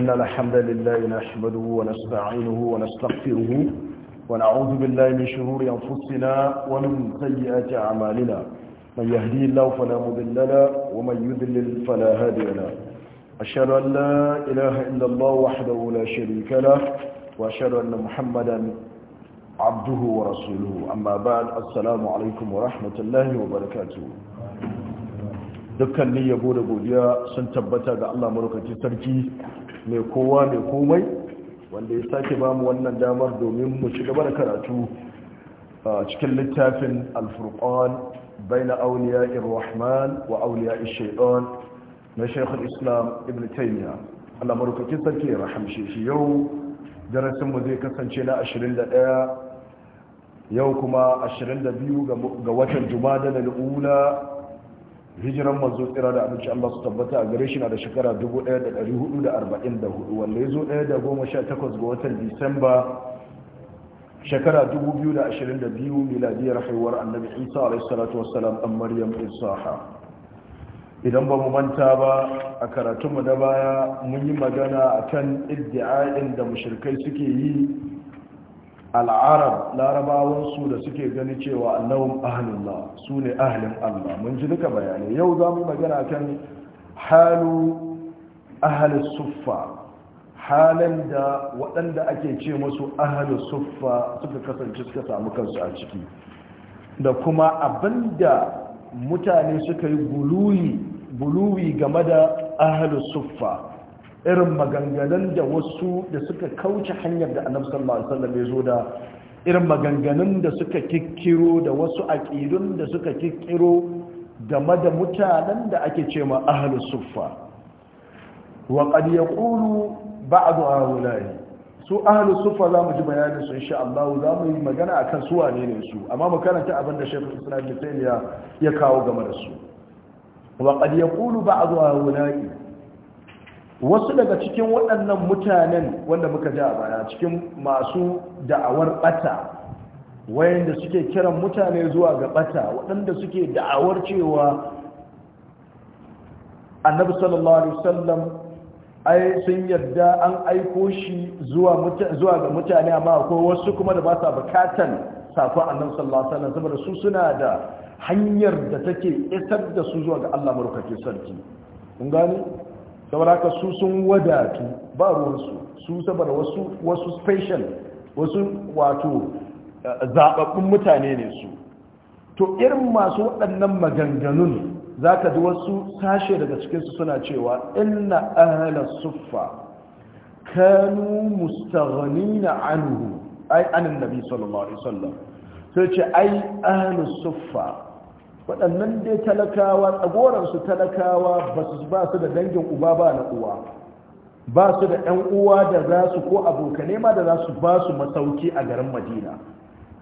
إن الحمد لله نحمده ونستعينه ونستغفره ونعوذ بالله من شرور أنفسنا ومن سيئات أعمالنا من يهدي الله فلا مضل له ومن يذلل فلا هادي له أشهد أن لا إله إلا الله وحده لا شريك له وأشهد أن محمدا عبده ورسوله أما بعد السلام عليكم ورحمة الله وبركاته dukkan ni yabo da godiya sun tabbata ga Allah marukaci sarki mai kowa mai komai wanda ya sake ba mu wannan damar domin mu ci gaba da karatu a cikin littafin bai baina auliya irrahman wa auliya shaitan na shekul islam ibn taimiyya Allah sarki ya rahamshe shi yau darasinmu zai kasance na 21 yau kuma 22 ga watan juma'a da al'ula hijiran manzo tsira da abinci Allah su tabbata a gare shi na da shekara 1444 wanda ya zo 118 ga watan disamba shekara 2022 miladiyar haihuwar annabi isa alaihi salatu wassalam an maryam isaha idan ba mu manta ba a karatunmu da baya mun yi magana akan iddi'a'in da mushrikai suke yi al'arab larabawansu da suke gani cewa annahum ahlullah su ne ahlin allah mun ji duka bayanai yau za mu magana kan halu ahalus suffa halin da waɗanda ake ce musu ahalus suffa suka kasance suka samu kansu a ciki da kuma abinda mutane suka yi buluwi game da ahalus suffa irin maganganun da wasu da suka kauce hanyar da annabi sallallahu alaihi wasallam ya zo da irin maganganun da suka kikkiro da wasu aqidun da suka kikkiro game da mutanen da ake ce ma ahlus suffa wa qad yaqulu ba'du haula'i su ahlus suffa mu ji bayanin su insha Allah mu yi magana akan su wane ne su amma mu karanta abin da Sheikh Islam Ibn ya kawo game da su wa qad yaqulu ba'du haula'i wasu daga cikin waɗannan mutanen wanda muka ji a baya cikin masu da'awar bata wayanda suke kiran mutane zuwa ga bata waɗanda suke da'awar cewa annabi sallallahu alaihi wasallam ai sun yadda an aiko shi zuwa zuwa ga mutane amma akwai wasu kuma da ba sa bukatan safa annabi sallallahu alaihi wasallam saboda su suna da hanyar da take isar da su zuwa ga Allah barkake sarki kun gani saboda haka su sun wadatu ba ruwansu su saboda wasu wasu special wasu wato eh, zaɓaɓɓun mutane ne su to irin masu waɗannan maganganun za ka ji wasu sashe daga cikinsu suna cewa inna ahalar suffa kanu mustaghanina anhu ai anin nabi sallallahu alaihi wasallam sai ce ai ahalar suffa waɗannan dai talakawa tsagoransu talakawa ba su ba su da dangin uba ba na uwa ba su da ɗan uwa da za su ko abokane ma da za su ba su masauki a garin madina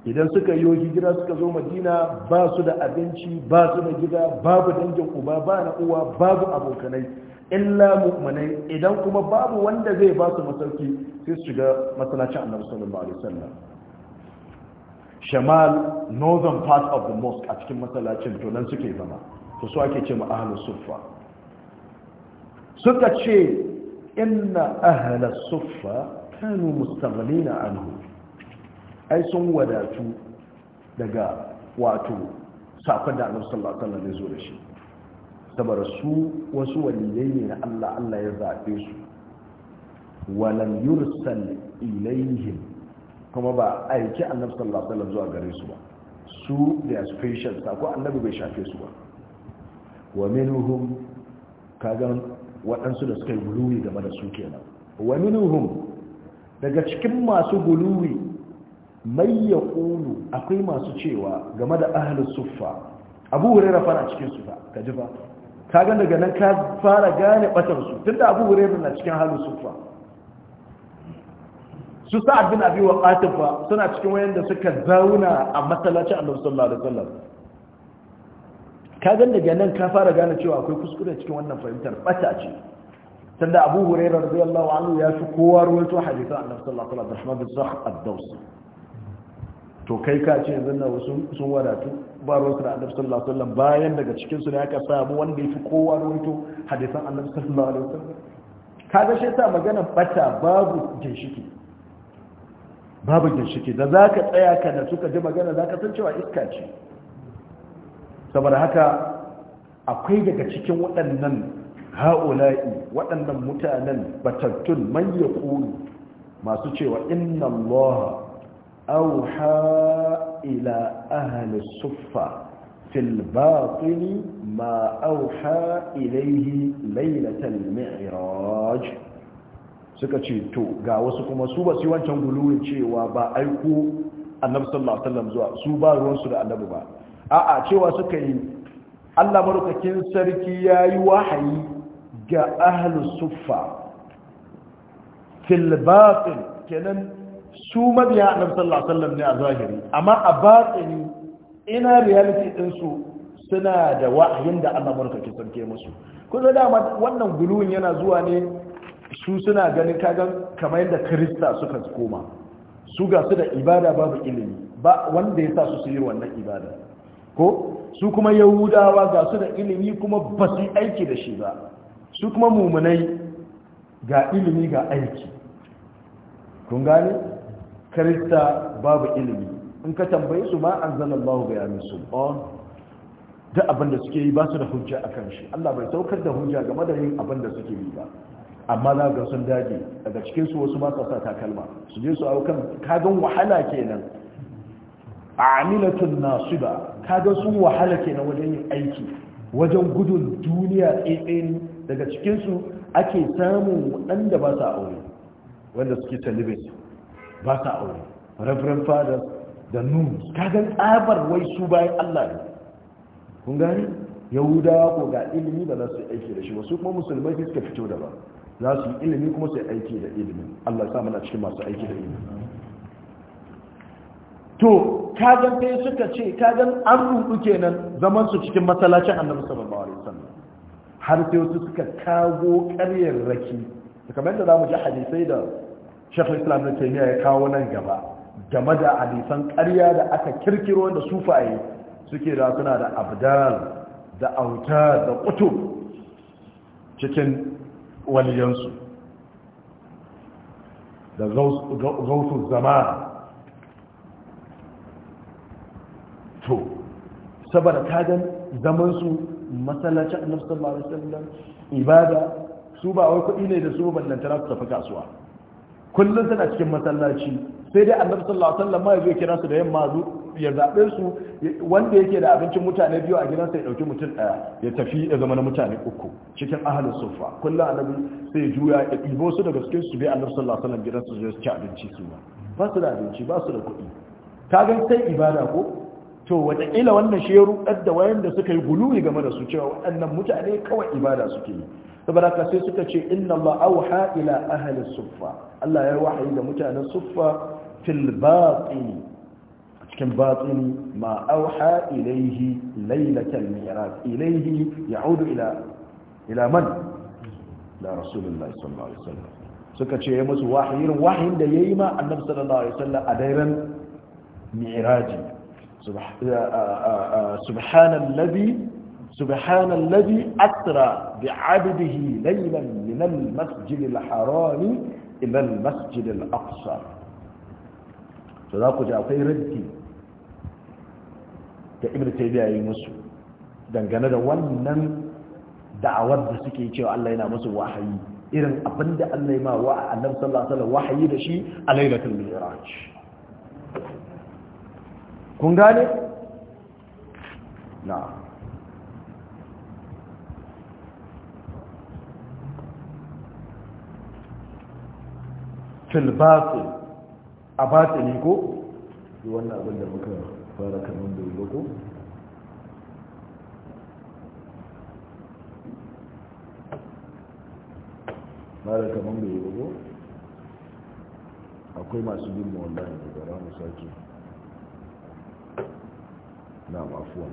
idan suka yi hijira suka zo madina ba su da abinci ba su da gida babu dangin uba ba na uwa babu abokanai illa mu'minai idan kuma babu wanda zai ba su masauki sai su shiga masallacin annabi sallallahu alaihi wasallam shamal northern part of the mosque a cikin masallacin to suke zama to su ake ce ma ahlus suffa suka ce inna ahlus suffa kanu na anhu ai sun wadatu daga wato safar da annabi sallallahu alaihi zo da shi saboda su wasu waliyai ne na Allah Allah ya zaɓe su walam yursal ilaihim kuma ba a aiki annabi sallallahu alaihi wasallam zuwa gare su ba su da special ko annabi bai shafe su ba wa minhum kagan waɗansu da suka yi guluwi game da su kenan wa minhum daga cikin masu guluwi mai ya kulu akwai masu cewa game da Ahlus suffa abu hurera fara cikin su ka ji ba kagan daga nan ka fara gane batar su tunda abu hurera na cikin ahalus suffa su sa'ad abin abi waqas fa suna cikin da suka zauna a masallacin annabi sallallahu alaihi wasallam ka gan daga nan ka fara gane cewa akwai kuskure cikin wannan fahimtar bata ce tunda abu hurairah radiyallahu anhu ya fi kowa ruwaito hadisan annabi sallallahu alaihi wasallam da bin ad-daws to kai ka ce yanzu nan wasu sun wadatu ba ruwaito da annabi sallallahu alaihi wasallam bayan daga cikin su ne aka samu wanda ya fi kowa ruwaito hadisan annabi sallallahu alaihi wasallam kaga shi yasa maganar bata babu ginshiki babu ginshiki da za ka tsaya ka da suka ji magana za ka san cewa iska ce saboda haka akwai daga cikin waɗannan ha'ula'i waɗannan mutanen batattun manya ƙuri masu cewa inna allaha Au ila ahli suffa fil batini ma auha ilaihi lailatal mi'raj suka ce to ga wasu kuma su ba su wancan guluwin cewa ba aiko annabi sallallahu alaihi wasallam zuwa su ba ruwansu da annabi ba a'a cewa suka yi Allah marukakin sarki yayi wahayi ga ahlus suffa fil batin kenan su mabiya annabi sallallahu alaihi wasallam ne a zahiri amma a batini ina reality din su suna da wahayin da Allah marukakin sarki ya musu kun dama wannan guluwin yana zuwa ne su suna ganin kagan kamar yadda krista suka koma su ga su da ibada babu ilimi ba wanda ya sa su su yi wannan ibada ko su kuma yahudawa ga su da ilimi kuma ba su aiki da shi ba su kuma mummunai ga ilimi ga aiki kun gane krista babu ilimi in ka tambaye su ma an zana allahu ga sultan oh, Da abin da suke yi ba su da hujja a kan shi allah bai saukar da hujja game da yin abin da suke yi ba amma za ga sun daji daga cikin su wasu ba sa takalma su je su aukan kagan wahala kenan amilatun ba kaga sun wahala kenan wajen yin aiki wajen gudun duniya tsaitsayin daga cikin ake samun waɗanda ba sa aure wanda suke talibis ba sa aure reverend fathers da nun kagan tsabar wai su bayan allah ne kun gani yahudawa ko ga ilimi ba za su aiki da shi wasu kuma musulmai suka fito da ba za su yi ilimi kuma sai aiki da ilimi Allah ya sa mana cikin masu aiki da ilimi to kagan sai suka ce kagan an rubu kenan zaman su cikin masallacin Annabi sallallahu alaihi wasallam har sai wasu suka kago ƙaryar raki kamar yadda zamu ji hadisai da Sheikh Islam na Taymiya ya kawo nan gaba game da hadisan karya da aka kirkiro da sufaye suke da suna da abdal da autar da qutub cikin waliyansu da zautu zama to saboda kagan zamansu matsalaci annabi sallallahu alaihi ibada su ba wai kuɗi ne da su ballantana su tafi kasuwa kullum suna cikin masallaci sai dai annabi sallallahu alaihi ma ya zo kira su da yamma ya zaɓe su wanda yake da abincin mutane biyu a gidansa ya ɗauki mutum ɗaya ya tafi ya zama na mutane uku cikin ahalin sufa kullum annabi sai juya ya ɗibo su daga cikin su bai annabi sallallahu alaihi wasallam gidansa su ci abinci su ba ba su da abinci ba su da kuɗi ka ga sai ibada ko to ila wannan shi ya wayanda wayan suka yi guluwi game da su cewa waɗannan mutane kawai ibada suke yi saboda ka sai suka ce inna Allah auha ila ahli suffa Allah ya wahayi da mutanen suffa fil batini كم باطني ما أوحى إليه ليلة الميراث إليه يعود إلى إلى من؟ إلى رسول الله صلى الله عليه وسلم سكة شيمس وحير وحين دا ييما النبي صلى الله عليه وسلم أديرا ميراجي آه، آه، آه، سبحان الذي سبحان الذي أترى بعبده ليلا من المسجد الحرام إلى المسجد الأقصى فذاك جاء في ردي Ga ibn taymiya yi musu dangane da wannan da'awar da suke cewa Allah yana musu wahayi irin abinda Allah ya ma wa annabi sallallahu alaihi wasallam wahayi da shi a lailatul mi'raj kun gane na'am fil batil a batili ko wannan abin da muka fara kaman bai ba ko fara kaman bai ba akwai masu bin mawanda ne da ramu sake na mafuwa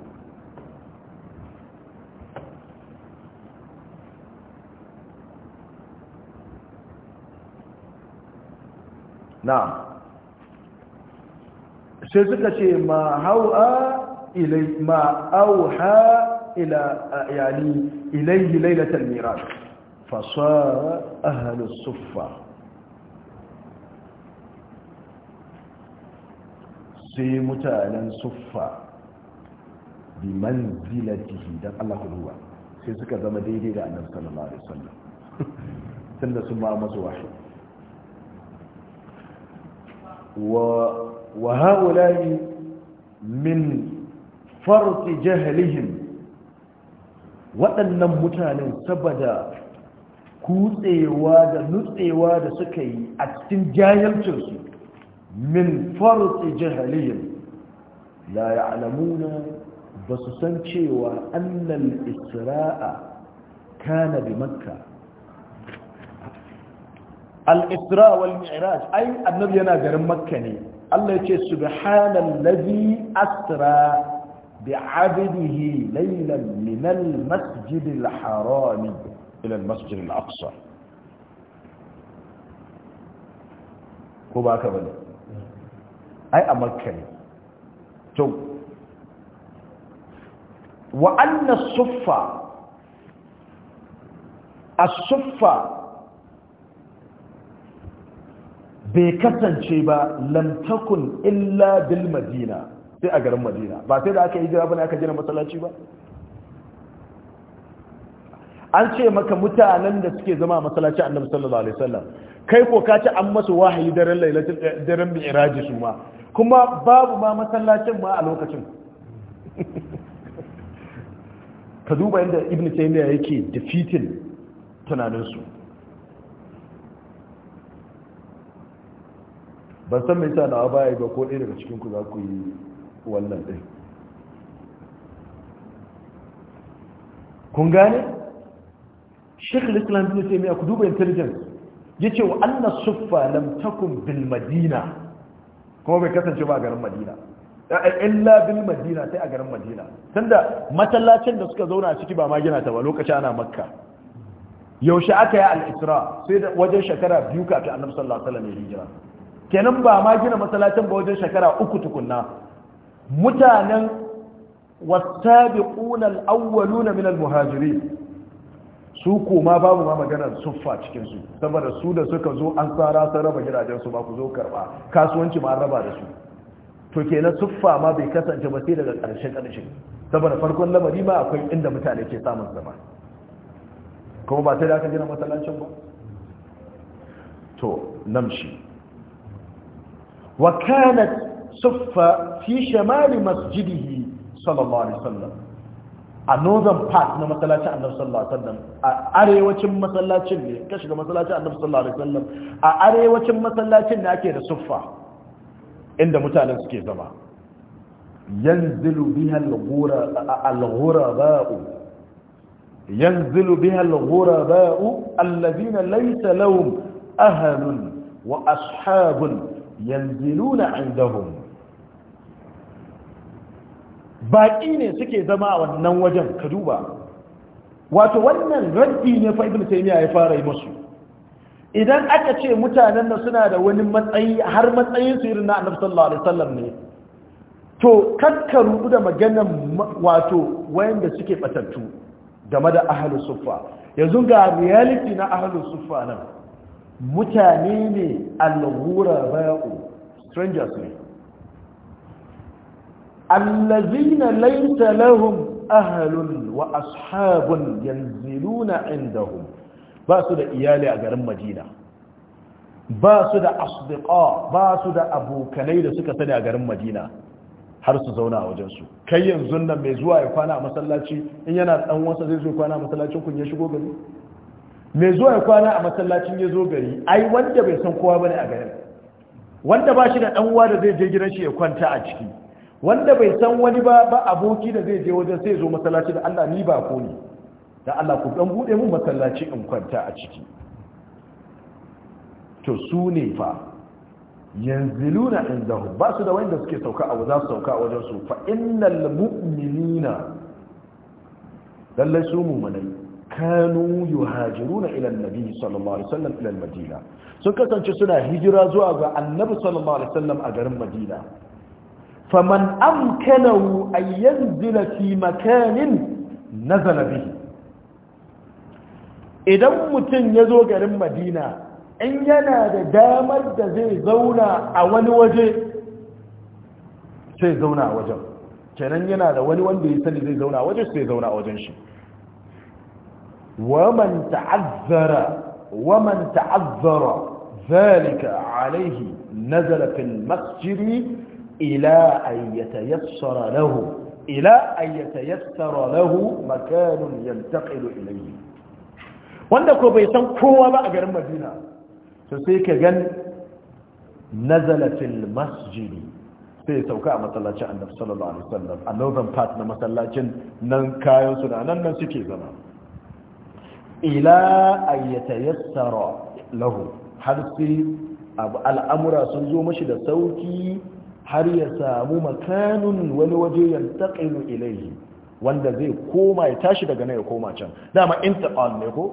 na'am sai suka ce ma hau'a ilai ma auha ila yani ilayhi lailatul miras fa sara ahlus suffa sai mutanen suffa bi manzilatihi dan Allah ku duba sai suka zama daidai da annabi sallallahu alaihi wasallam tunda sun ba masa wahayi wa وهؤلاء من فرط جهلهم waɗannan mutanen saboda kutsewa da nutsewa da suka yi a cikin jahilcinsu min farce jahaliyin la ya'lamuna ba su san cewa annal isra'a kana bi makka al-isra wal mi'raj ai annabi yana garin makka ne Allah ya ce subhanallazi asra بعبده ليلا من المسجد الحرام إلى المسجد الأقصى ko ba ka bane ai a makka ne to wa anna suffa as-suffa bai kasance ba lantakun illa bil madina sai a garin madina ba sai da aka yi jira ne aka gina masallaci ba an ce maka mutanen da suke zama a masallaci sallallahu alaihi wasallam kai ko ka ci an masu wahayi daren lailatul eh, daren mi'raji su ma kuma babu ma masallacin ma a lokacin ka duba yadda ibnu taymiya yake defeating tunaninsu ban san mai sa na baya ba ko ɗaya daga cikinku za ku yi wannan ɗin kun gane shekul islam bin taimiyya ku duba intelligence ya ce wa anna suffa lamtakun takun bil madina kuma bai kasance ba a garin madina eh, illa bil madina sai a garin madina tunda matallacin da suka zauna a ciki ba ma gina ta ba lokaci ana makka yaushe aka yi al-isra sai da wajen shekara biyu kafin annabi sallallahu alaihi wasallam ya hijira kenan ba ma gina masalacin ba wajen shekara uku tukunna mutanen wasabi al-awwaluna min al muhajiri su kuma babu ma maganar suffa cikinsu saboda su da suka zo an tsara sun raba gidajensu su ba ku zo karba kasuwanci ma an raba da su to kenan suffa ma bai kasance ba sai daga ƙarshen ƙarshe saboda farkon lamari ma akwai inda mutane ke samun zama kuma ba sai da aka gina masallacin ba to namshi وكانت صفة في شمال مسجده صلى الله عليه وسلم a northern part na masallacin annabi sallallahu alaihi wasallam a arewacin masallacin ne ka shiga masallacin annabi sallallahu alaihi wasallam a arewacin masallacin ne ake da suffa inda mutanen suke zama yanzilu biha al-ghura al-ghuraba'u yanzilu biha al-ghuraba'u alladhina laysa lahum ahlun wa ashabun yanziluna indahum baƙi ne suke zama a wannan wajen ka duba wato wannan raddi ne fa ibnu taymiya ya fara yi musu idan aka ce mutanen nan suna da wani matsayi har matsayin su irin na annabi sallallahu alaihi wasallam ne to kakkaru da maganan wato wayanda suke batattu game da ahlus suffa yanzu ga reality na ahlus suffa nan mutane ne allura ba'u strangers ne allazina laysa lahum ahlun wa ashabun yanziluna indahum ba su da iyali a garin madina ba su da asdiqa ba su da abokanai da suka sani a garin madina har su zauna a wajensu kai yanzu nan mai zuwa ya kwana a masallaci in yana dan wasa zai zo kwana a masallacin kun ya shigo gari mai zuwa ya kwana a masallacin ya zo gari ai wanda bai san kowa bane a garin wanda ba shi da dan uwa da zai je gidan shi ya kwanta a ciki wanda bai san wani ba ba aboki da zai je wajen sai zo masallaci da Allah ni ba ko ne da Allah ku dan bude mun masallaci in kwanta a ciki to su ne fa yanziluna indahum ba su da wanda suke sauka a wajen sauka a wajen su fa innal mu'minina lallai su mu'minai kanu na ilan annabi sallallahu alaihi wasallam ilan madina sun kasance suna hijira zuwa ga annabi sallallahu alaihi wasallam a garin madina faman amkanahu a yanzila fi makanin na bihi idan mutum ya zo garin madina in yana da damar da zai zauna a wani waje sai zauna a wajen kenan yana da wani wanda ya sani zai zauna a waje sai zauna a wajen shi ومن تعذر ومن تعذر ذلك عليه نزل في المسجد إلى أن يتيسر له إلى أن يتيسر له مكان ينتقل wanda ko bai san kowa ba a garin madina to sai ka gan nazalatil masjidi sai sauka a masallacin annabi sallallahu alaihi wasallam a northern part na masallacin nan kayan su da nan nan suke zama ila ayyata yassara lahu har sai al'amura sun zo mashi da sauki har ya samu makanun wani waje ya taƙainu ilaihi wanda zai koma ya tashi daga nan ya koma can dama intiqal ne ko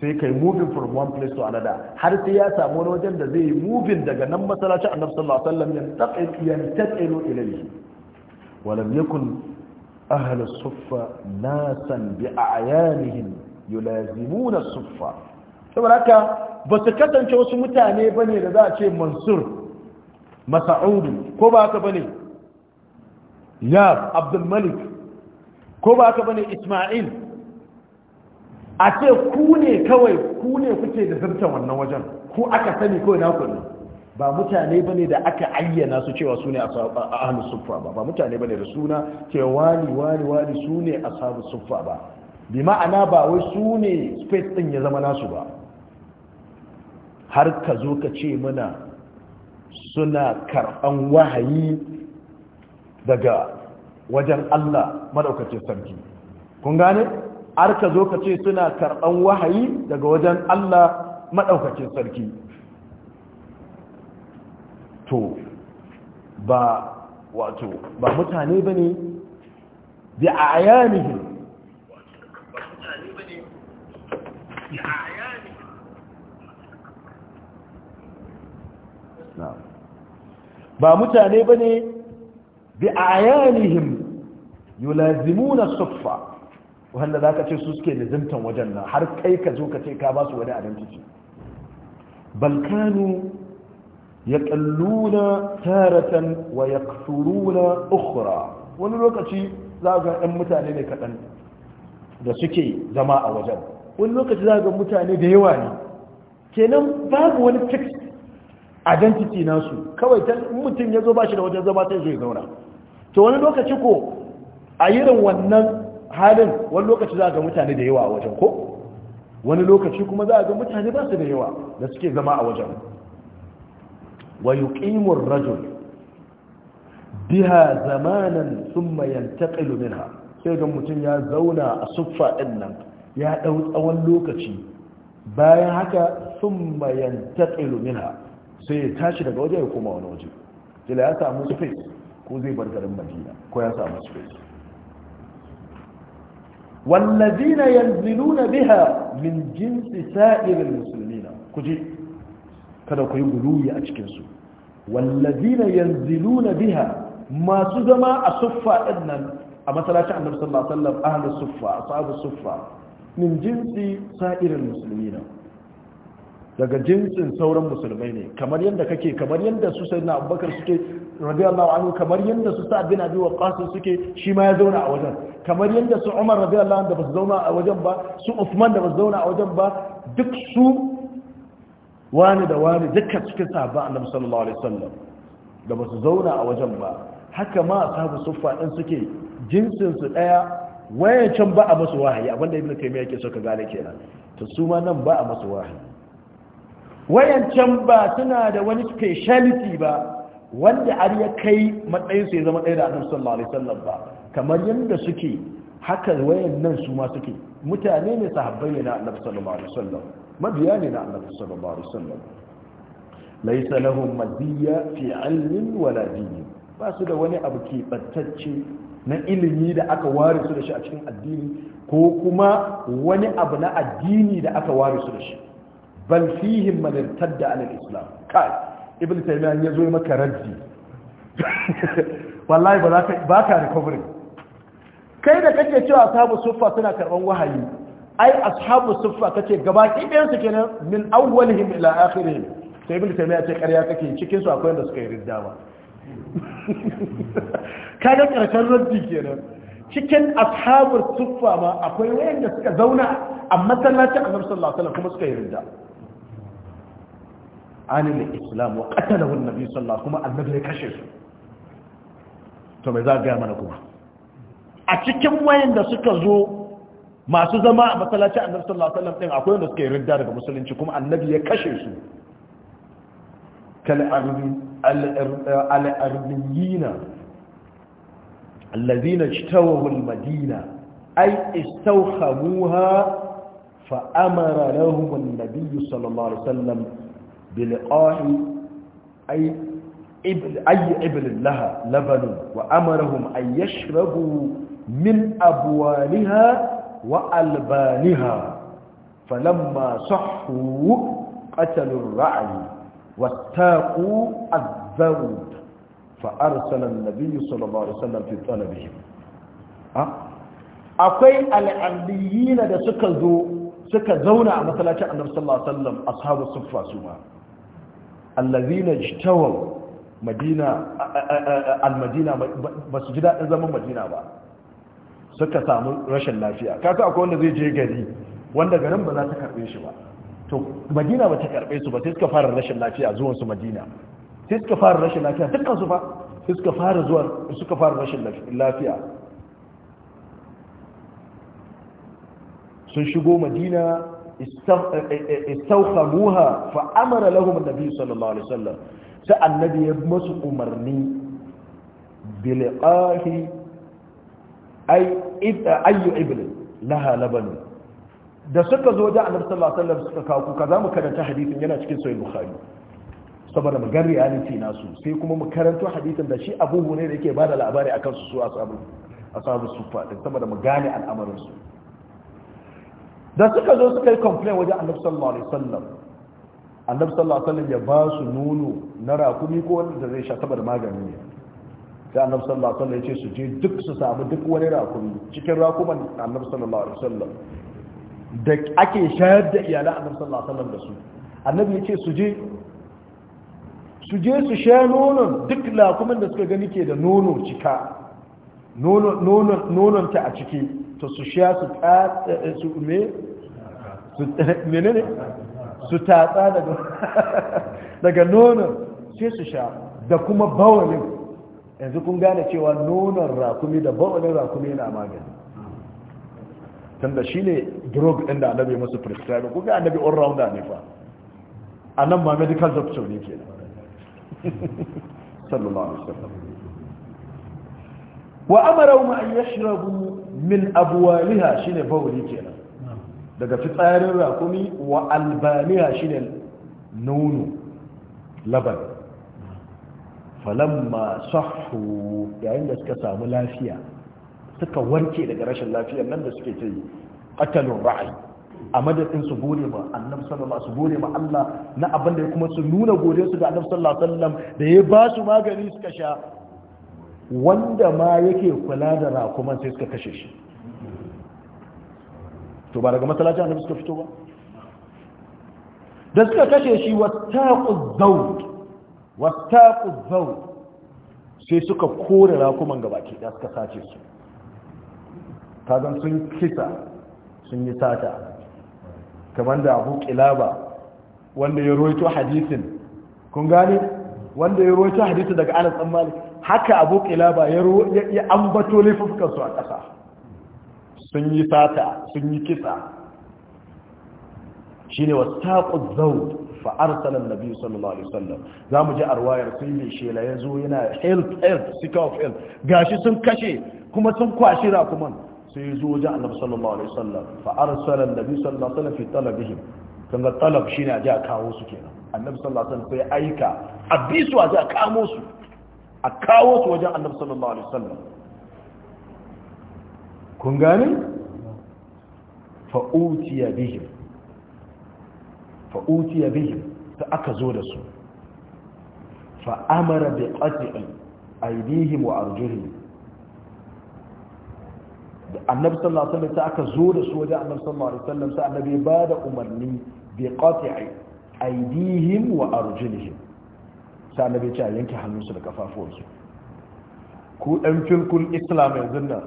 sai kai moving from one place to another har sai ya samu wani wajen da zai moving daga nan masallacin annabi sallallahu alaihi wasallam ya taƙainu ilaihi walam yakun ahli suffa nasan bi a'yanihim yulazimuna suffa saboda haka ba su kasance wasu mutane bane da za a ce mansur masa'udu ko ba haka bane ya abdul malik ko ba haka bane isma'il a ce ku ne kawai ku ne kuke da zartan wannan wajen ku aka sani kawai na kullum ba mutane bane da aka ayyana su cewa su ne ahlus suffa ba ba mutane bane da suna cewa wani wani wani su ne ashabus suffa ba bi ma'ana ba wai su ne space din ya zama nasu ba har ka zo ka ce mana suna karɓan wahayi daga wajen Allah maɗaukacin sarki kun gane har ka zo ka ce suna karɓan wahayi daga wajen Allah maɗaukacin sarki to ba wato ba mutane bane bi ayanihim ba mutane ba ne bi ayanihim yulazimuna suffa wanda za ka ce su suke nizimtan wajen nan har kai ka zo ka ce ka ba su wani abinci balkanu ya kalluna taratan wa ya kasuruna ukura wani lokaci za ga 'yan mutane ne kaɗan da suke zama a wajen wani lokaci za ga mutane da yawa ne kenan babu wani fix identity nasu kawai ta mutum ya zo ba shi da wajen zama sai zai zauna to wani lokaci ko a irin wannan halin wani lokaci za ga mutane da yawa a wajen ko wani lokaci kuma za ga mutane ba su da yawa da suke zama a wajen wa yuqimur rajul biha zamanan thumma yantaqilu minha sai ga mutum ya zauna a suffa din nan ya ɗau tsawon lokaci bayan haka sun mayan tatsilu minha sai ya tashi daga waje ya koma wani waje ila ya samu space ko zai bar garin madina ko ya samu space wallazina yanziluna biha min jinsi sa'irin musulmina? Kuje kada ku yi guluwi a cikin su wallazina yanziluna biha masu zama a suffa ɗin nan a masallacin annabi sallallahu alaihi wasallam ahlus suffa ashabus suffa min jinsi sa'irin musulmi na daga jinsin sauran musulmai ne kamar yadda kake kamar yadda su sai na abubakar suke radiyallahu anhu kamar yadda su sa'ad bin abi waqqas suke shi ma ya zauna a wajen kamar yadda su umar radiyallahu anhu da basu zauna a wajen ba su usman da basu zauna a wajen ba duk su wani da wani dukkan cikin sahabban annabi sallallahu alaihi wasallam da basu zauna a wajen ba haka ma ashabu suffa din suke jinsin su daya wayancan ba a masu wahayi abinda ibn taymiya yake so ka gane kenan to su ma nan ba a masu wahayi wayancan ba suna da wani speciality ba wanda har ya kai matsayin su ya zama ɗaya da annabi sallallahu alaihi wasallam ba kamar yadda suke haka wayan nan su ma suke mutane ne sahabbai ne na annabi sallallahu alaihi wasallam mabiya ne na annabi sallallahu alaihi wasallam laysa lahum madiyya fi 'ilmin wala din ba su da wani abu ke battacce na ilimi da aka ware su da shi a cikin addini ko kuma wani abu na addini da aka ware su da shi bal fihim man irtadda an al-islam kai ibnu taymiya ya zo maka raddi wallahi ba za ka ba ka recovery kai da kake cewa ashabu suffa suna karban wahayi ai ashabu suffa kace gabaki ɗayan su kenan min awwalihim ila akhirihim sai ibnu taymiya ce ƙarya kake cikin su akwai wanda suka yi ridda ba kaga karshen raddi kenan cikin ashabar suffa ma akwai wayanda suka zauna a masallacin annabi sallallahu alaihi wasallam kuma suka yi ridda anil islam wa qatalahu annabi sallallahu kuma annabi ya kashe su to me za ga mana kuma a cikin wayanda suka zo masu zama a masallacin annabi sallallahu alaihi wasallam din akwai wanda suka yi ridda daga musulunci kuma annabi ya kashe su kal arbi الأرميين الذين اجتووا المدينة أي استوخموها فأمر لهم النبي صلى الله عليه وسلم بلقاء أي إبل لها لبن وأمرهم أن يشربوا من أبوالها وألبانها فلما صحوا قتلوا الرعي واتقوا الذنب فارسل النبي صلى الله عليه وسلم في طلبهم akwai al'adiyina da suka zo suka zauna a masallacin annabi sallallahu alaihi wasallam ashabu suffa su ma allazina jtawaw madina al-madina ba su ji dadin zaman madina ba suka samu rashin lafiya kasa akwai wanda zai je gari wanda garin ba za ta karɓe shi ba to madina ba ta karbe su ba sai suka fara rashin lafiya zuwan su madina sai suka fara rashin lafiya dukkan su fa sai suka fara zuwa suka fara rashin lafiya sun shigo madina istawkhamuha eh, eh, eh, fa amara lahum an-nabi sallallahu alaihi wasallam sai annabi ya musu umarni biliqahi ay ayyu ibn laha labanun da suka zo wajen annabi sallallahu alaihi wasallam suka kawo kuka zamu karanta hadisin yana cikin sahih bukhari saboda mu ga reality nasu sai kuma mu karanto hadisin da shi Abu ne da yake bada labari akan su su ashabu ashabu sufa din saboda mu gane al'amarin su da suka zo suka yi complain wajen annabi sallallahu alaihi wasallam annabi sallallahu alaihi wasallam ya ba su nono na rakumi ko wanda zai sha saboda magani ne sai annabi sallallahu alaihi wasallam ya ce su je duk su samu duk wani rakumi cikin rakuman annabi sallallahu alaihi wasallam da ake shayar da iyalan annabi sallallahu alaihi wasallam da su annabi ya ce su je su je su sha nonon duk lakumin da suka gani ke da nono cika nonon ta a ciki to su sha su eh, su me su menene su tatsa daga daga nonon sai su sha da kuma bawalin yanzu kun gane cewa nonon rakumi da bawalin rakumi na magani tunda shi ne drug ɗin da annabi musu prescribe kuka annabi all rounder ne fa a nan ma medical doctor ne ke sallallahu alaihi wasallam wa amara ma an yashrabu min abwaliha shine bawli kenan daga fitsarin rakumi wa albaniha shine nono laban falamma sahhu yayin da suka samu lafiya suka warke daga rashin lafiyar nan da suke ce qatalur ra'ayi a madadin su gode ma annabi sallallahu su gode ma Allah na abin da kuma su nuna gode su ga annabi sallallahu alaihi wasallam da ya ba su magani suka sha wanda ma yake kula da rakuman sai suka kashe shi to ba daga masallacin annabi suka fito ba da suka kashe shi wattaqu zawd wattaqu zawd sai suka kore rakuman gabaki da suka sace su kagan sun kisa sun yi sata kamar da abu kilaba wanda ya roito hadisin kun gane wanda ya roito hadisin daga anas dan haka abu kilaba ya ya ambato laifukan su a ƙasa sun yi sata sun yi kisa shine wasaqu zawd fa arsala an-nabi sallallahu alaihi za mu ji arwayar sun yi shela yazo yana help help seek of help gashi sun kashe kuma sun kwashi rakuman sai zo wajen annabi sallallahu alaihi wasallam fa arsala annabi sallallahu alaihi wasallam fi talabihim kan ga talab shine a ji a kawo su kenan annabi sallallahu alaihi wasallam sai aika a bi su a ji a kamo su a kawo su wajen annabi sallallahu alaihi wasallam kun gane fa utiya bihim fa utiya bihim ta aka zo da su fa amara bi qat'i aydihim wa arjulihim annabi sallallahu alaihi wasallam sai aka zo da su wajen annabi sallallahu alaihi wasallam sai annabi ba da umarni bi qati'i aydihim wa arjulihim sai annabi ya ce a yanke hannunsu da kafafuwansu ku ɗan filkul islam yanzu nan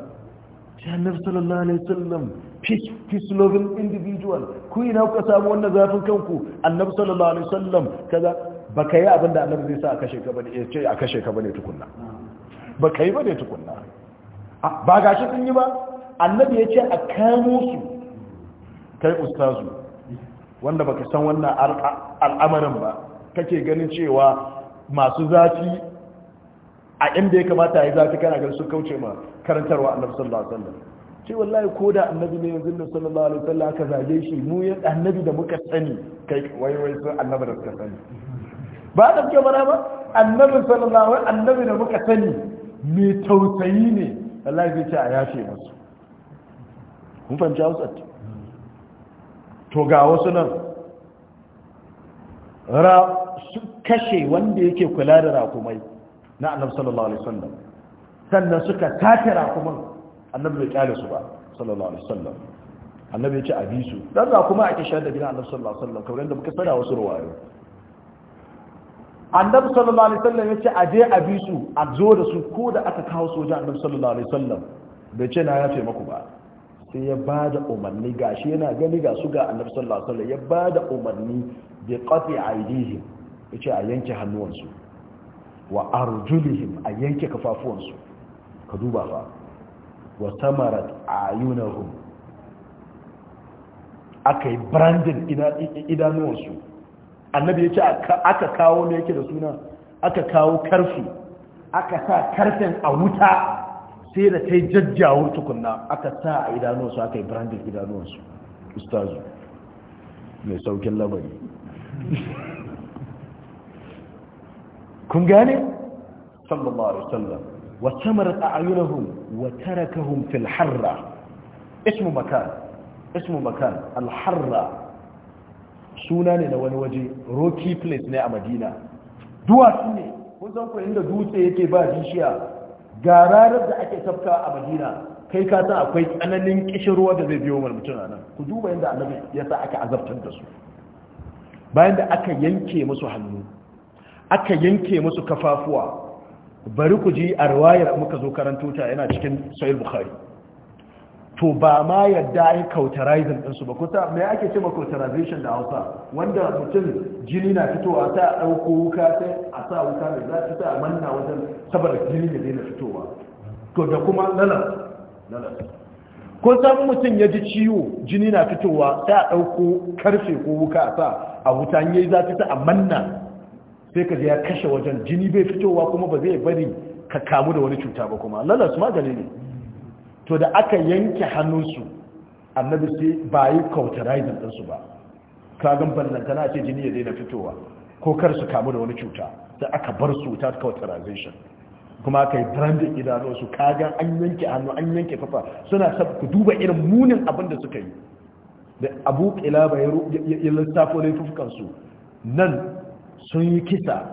sai annabi sallallahu alaihi wasallam peace peace loving individual ku ina kuka samu wannan zafin kanku annabi sallallahu alaihi wasallam kaza baka yi abinda annabi zai sa a kashe ka bane ya ce a kashe ka bane tukunna baka yi bane tukunna ba gashi sun yi ba annabi ya ce a kamo su kai ustazu wanda baka san wannan al'amarin ba kake ganin cewa masu zafi a inda ya kamata ya zafi kana ganin su kauce ma karantarwa annabi sallallahu alaihi wasallam ce wallahi ko da annabi ne yanzu da sallallahu alaihi wasallam aka zage shi mu ya annabi da muka sani kai wai wai sun annabi da suka sani ba da ke mana ba annabi sallallahu alaihi annabi da muka sani mai tausayi ne wallahi zai ce a yashe musu kun fahimci hausat to ga wasu nan ra su kashe wanda yake kula da rakumai na annabi sallallahu alaihi wasallam sannan suka tace rakuman annabi bai kyale su ba sallallahu alaihi wasallam annabi ya ci a bisu dan rakuma ake shayar da gidan annabi sallallahu alaihi wasallam kamar yadda muka sada wasu ruwayoyi annabi sallallahu alaihi wasallam ya ce a je a bisu a zo da su ko da aka kawo soja annabi sallallahu alaihi wasallam bai ce na ya ce maku ba sai ya ba da umarni ga shi yana gani ga su ga annabi sallallahu alaihi wasallam ya ba da umarni bi qati aidihim yace a yanke hannuwansu wa arjulihim a yanke kafafuwansu ka duba fa wa tamarat ayunuhum akai brandin idanuwansu annabi yace aka kawo ne yake da suna aka kawo karfi aka sa karfin a wuta sai da ta yi jajjawar tukunna aka sa a idanuwarsu aka yi brandin idanuwarsu ustazu mai saukin labari kun gane sallallahu alaihi wasallam wa a a'yunuhum wa tarakahum filharra ismu makan ismu makan Alharra. suna ne na wani waje rocky place ne a madina duwatsu ne kun san ku inda dutse yake ba bishiya ga ranar da ake tafka a madina kai ka san akwai tsananin kishirwa da zai biyo wa mutum a nan ku duba yadda annabi ya sa aka azabtar da su bayan da aka yanke musu hannu aka yanke musu kafafuwa bari ku ji a ruwayar muka zo karanto ta yana cikin sahih bukhari to ba ma yadda ya cauterizing su ba kusa mai ake ce ma cauterization da hausa wanda mutum jini na fitowa ta a ɗauko wuka sai a sa wuka mai za ta a manna wajen saboda jini zai na fitowa to da kuma lalas ko san mutum ya ji ciwo jini na fitowa sai a ɗauko karfe ko wuka a sa a wuta yayi za ta a manna sai ka ya kashe wajen jini bai fitowa kuma ba zai bari ka kamu da wani cuta ba kuma lalas magani ne to da aka yanke hannunsu annabi sai ba yi cauterizing ɗinsu ba kagan tana ce jini ya daina fitowa ko kar su kamu da wani cuta sai aka bar su ta cauterization kuma aka yi branding idanuwarsu kagan an yanke hannu an yanke fafa, suna sab ku duba irin munin abin da suka yi da abu kilaba ya lissafo laifukansu nan sun yi kisa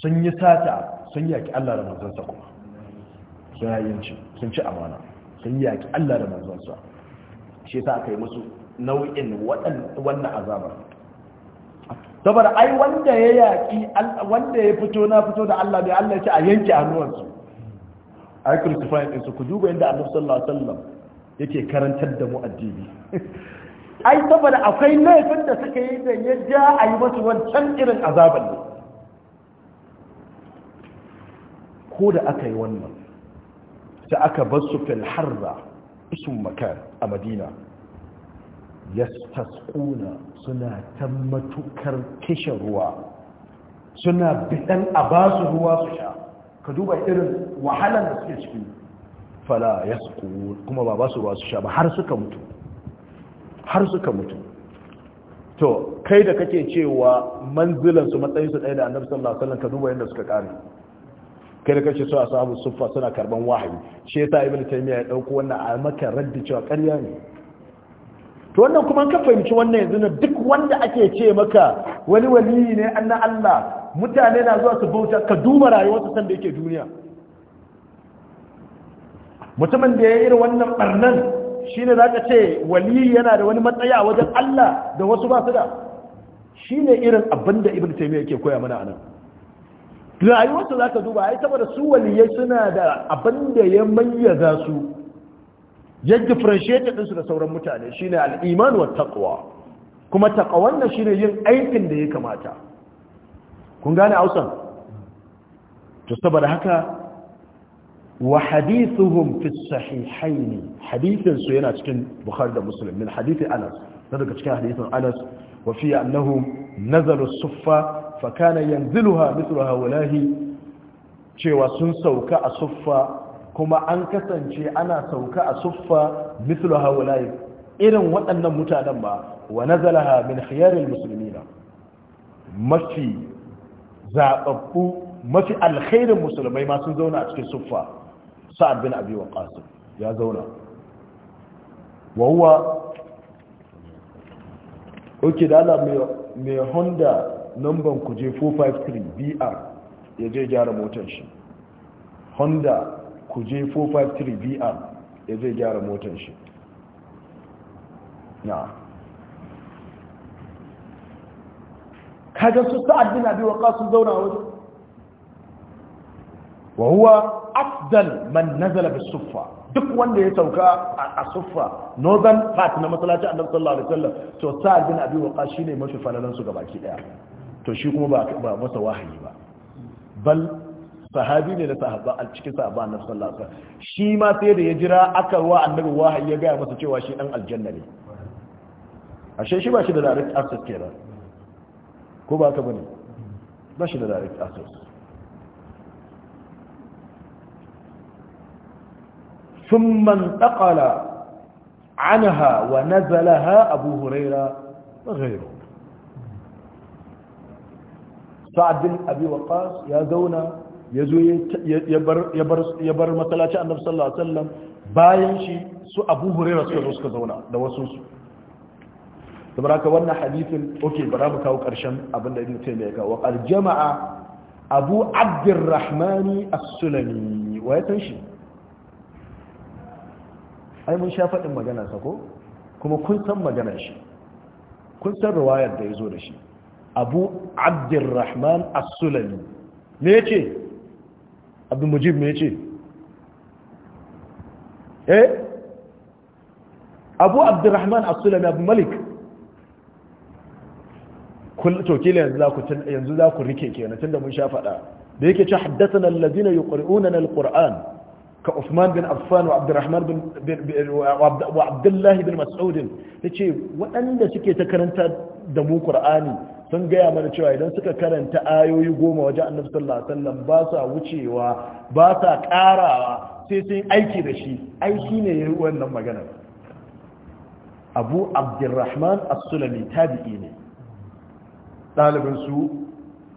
sun yi sata sun yaki allah da manzansa kuma sun yi sun ci amana sun yaki Allah da manzonsa shi ta aka yi musu nau'in wannan azabar saboda ai wanda ya yaki wanda ya fito na fito da Allah bai Allah ce a yanke hannuwansu yi crucifying din su ku duba inda Annabi sallallahu alaihi wasallam yake karantar da mu addini ai saboda akwai laifin da suka yi da ya ja a yi musu wancan irin azabar ne ko da aka yi wannan ta aka basu fil harra isun makar a madina ya tasquna suna ta matukar kishin ruwa suna bidan a basu ruwa su sha ka duba irin wahalar da suke ciki fala ya kuma ba su ruwa su sha ba har suka mutu har suka mutu to kai da kake cewa manzilansu matsayinsu ɗaya da annabi sallallahu alaihi wasallam ka duba yadda suka kare kai da kace su ashabu suffa suna karban wahayi shi yasa ibnu taymiya ya dauko wannan a maka raddi cewa ƙarya ne to wannan kuma ka fahimci wannan yanzu na duk wanda ake ce maka wani wali ne anna Allah mutane na zuwa su bauta ka duba rayuwarsa san da yake duniya mutumin da ya yi wannan barnan shine zaka ce wali yana da wani matsayi a wajen Allah da wasu ba su da shine irin abinda ibnu taymiya yake koya mana anan rayuwarsa za ka duba ai saboda su waliyai suna da abin da ya mayyaza su ya differentiate ɗinsu da sauran mutane shine al'iman wa taqwa kuma taqwan nan shine yin aikin da ya kamata kun gane hausan to saboda haka wa hadithuhum fi sahihaini hadithin su yana cikin bukhari da muslim min hadithi anas na daga cikin hadithin anas wa fi annahum nazalu suffa fakana yanziluha mithlu haulahi cewa sun sauka a suffa kuma an kasance ana sauka a suffa mithlu haulahi irin waɗannan mutanen ba wa nazalaha min khiyaril muslimina mafi zababbu mafi alkhairin musulmai ma sun zauna a cikin suffa sa'ad bin abi waqas ya zauna wa huwa oke da Allah mai honda Numban ku je 453 br ya je gyara motar shi honda ku je 453 br ya je gyara motar shi na kaga su sa'ad bin abi waqas sun zauna wajen wa huwa afdal man nazala bis suffa duk wanda ya sauka a suffa northern part na masallaci annabi sallallahu alaihi wasallam to sa'ad bin abi shi ne mafi falalan su gabaki daya to shi kuma ba ba masa wahayi ba bal sahabi ne da sahaba a cikin sahaba na sallallahu alaihi wasallam shi ma sai da ya jira aka wa annabi wahayi ya ga masa cewa shi dan aljanna ne ashe shi ba shi da direct access kenan ko ba ka bane ba shi da direct access ثم انتقل عنها ونزلها أبو هريرة وغيره sa'ad bin abi waqas ya zauna ya zo ya bar masallaci annabi sallallahu alaihi wasallam bayan shi su abu hurairah suka suka zauna da wasu su saboda haka wannan hadisin okay bara mu kawo karshen abin da ibnu taymiya ya kawo al jama'a abu abdurrahman as-sulami wa ya shi ai mun sha faɗin magana sa ko kuma kun san magana shi kun san da zo da shi abu abdurrahman as-sulami me yace abdul mujib me ce, eh abu abdurrahman as-sulami abu malik to kila yanzu za ku yanzu za tun da mun sha fada da yake ce haddathana alladhina yuqri'una al-qur'an ka Uthman bin Affan wa Abdurrahman bin wa Abdullah bin Mas'ud ce, waɗanda suke ta karanta da mu ƙur'ani? sun gaya mana cewa idan suka karanta ayoyi goma wajen annabi sallallahu alaihi wasallam ba sa wucewa ba sa karawa sai sun aiki da shi aiki ne ya wannan magana abu abdurrahman as-sulami tabi'i ne ɗalibin su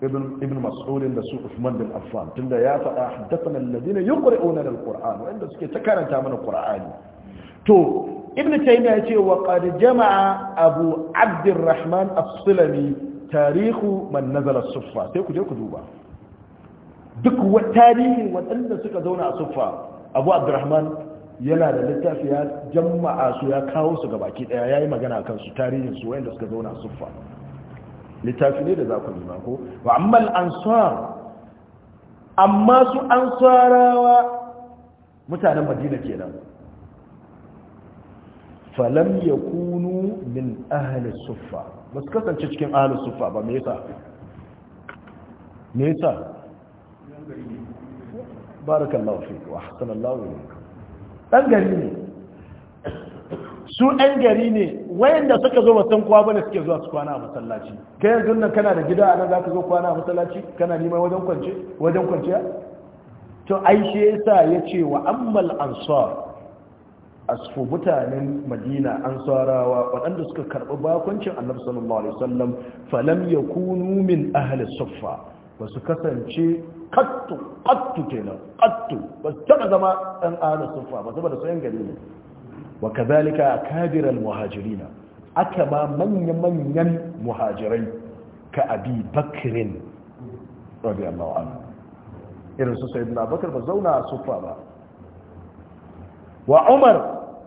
ibn mas'ud da su Uthman bin affan tunda ya faɗa haddathana alladhina yuqra'una al-qur'an wanda suke ta karanta mana qur'ani to ibn taymiya yace wa qad jama'a abu abdurrahman as-sulami tarihu man nazala suffa sai ku je ku duba duk tarihin waɗanda suka zauna a suffa abu abdurrahman yana da littafi ya jama'a su ya kawo su gabaki ɗaya ya yi magana a kansu tarihin su wayanda suka zauna a suffa littafi ne da za ku nema ko wa ammal ansar amma su ansarawa mutanen madina kenan falam yakunu min ahli suffa ba su kasance cikin ahalus sufa ba me yasa me yasa barakallahu fik wa ahsanallahu ilayka dan gari ne su ɗan gari ne wayanda suka zo wasan kowa bane suke zuwa su kwana a masallaci kai yanzu nan kana da gida a nan zaka zo kwana a masallaci kana nima wajen kwance wajen kwanciya to aisha yasa yace wa ammal ansar asfu mutanen madina an sarawa waɗanda suka karɓi bakoncin annabi sallallahu alaihi wasallam falam yakunu min ahli suffa ba su kasance kattu kattu kenan kattu ba su taɓa zama ɗan ahli suffa ba saboda su yan gari ne wa kadhalika kabiral muhajirina aka ma manya manyan muhajirai ka abi bakrin radiyallahu anhu irin su sayyidina bakar ba zauna a suffa ba wa umar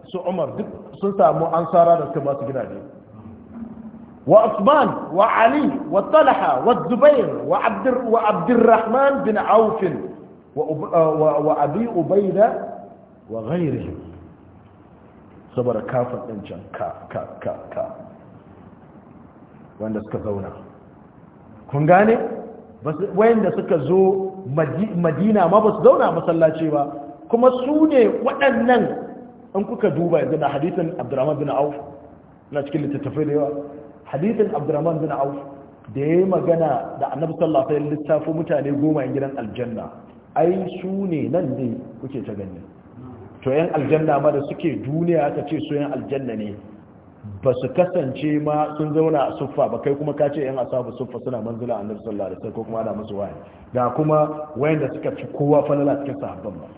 su umar duk sun samu ansara da suka ba su gidaje wa usman wa ali wa talha wa zubair wa abdur wa abdurrahman bin auf wa uh, wa abi ubayda wa ghayrihim saboda kafin din can ka ka ka ka wanda suka zauna kun gane wayanda suka zo madina ma ba su zauna masallaci ba kuma su ne waɗannan in kuka duba yanzu na hadithin abdurrahman bin auf na cikin littattafai da yawa hadithin abdurrahman bin auf da ya yi magana da annabi sallallahu alaihi wasallam littafo mutane goma yan gidan aljanna ai su ne nan ne kuke ta gani to yan aljanna ma da suke duniya ta ce su yan aljanna ne ba su kasance ma sun zauna a suffa ba kai kuma ka ce yan asabu suffa suna manzila annabi sallallahu alaihi wasallam ko kuma ana musu wahayi da kuma wayanda suka fi kowa falala cikin sahabban ba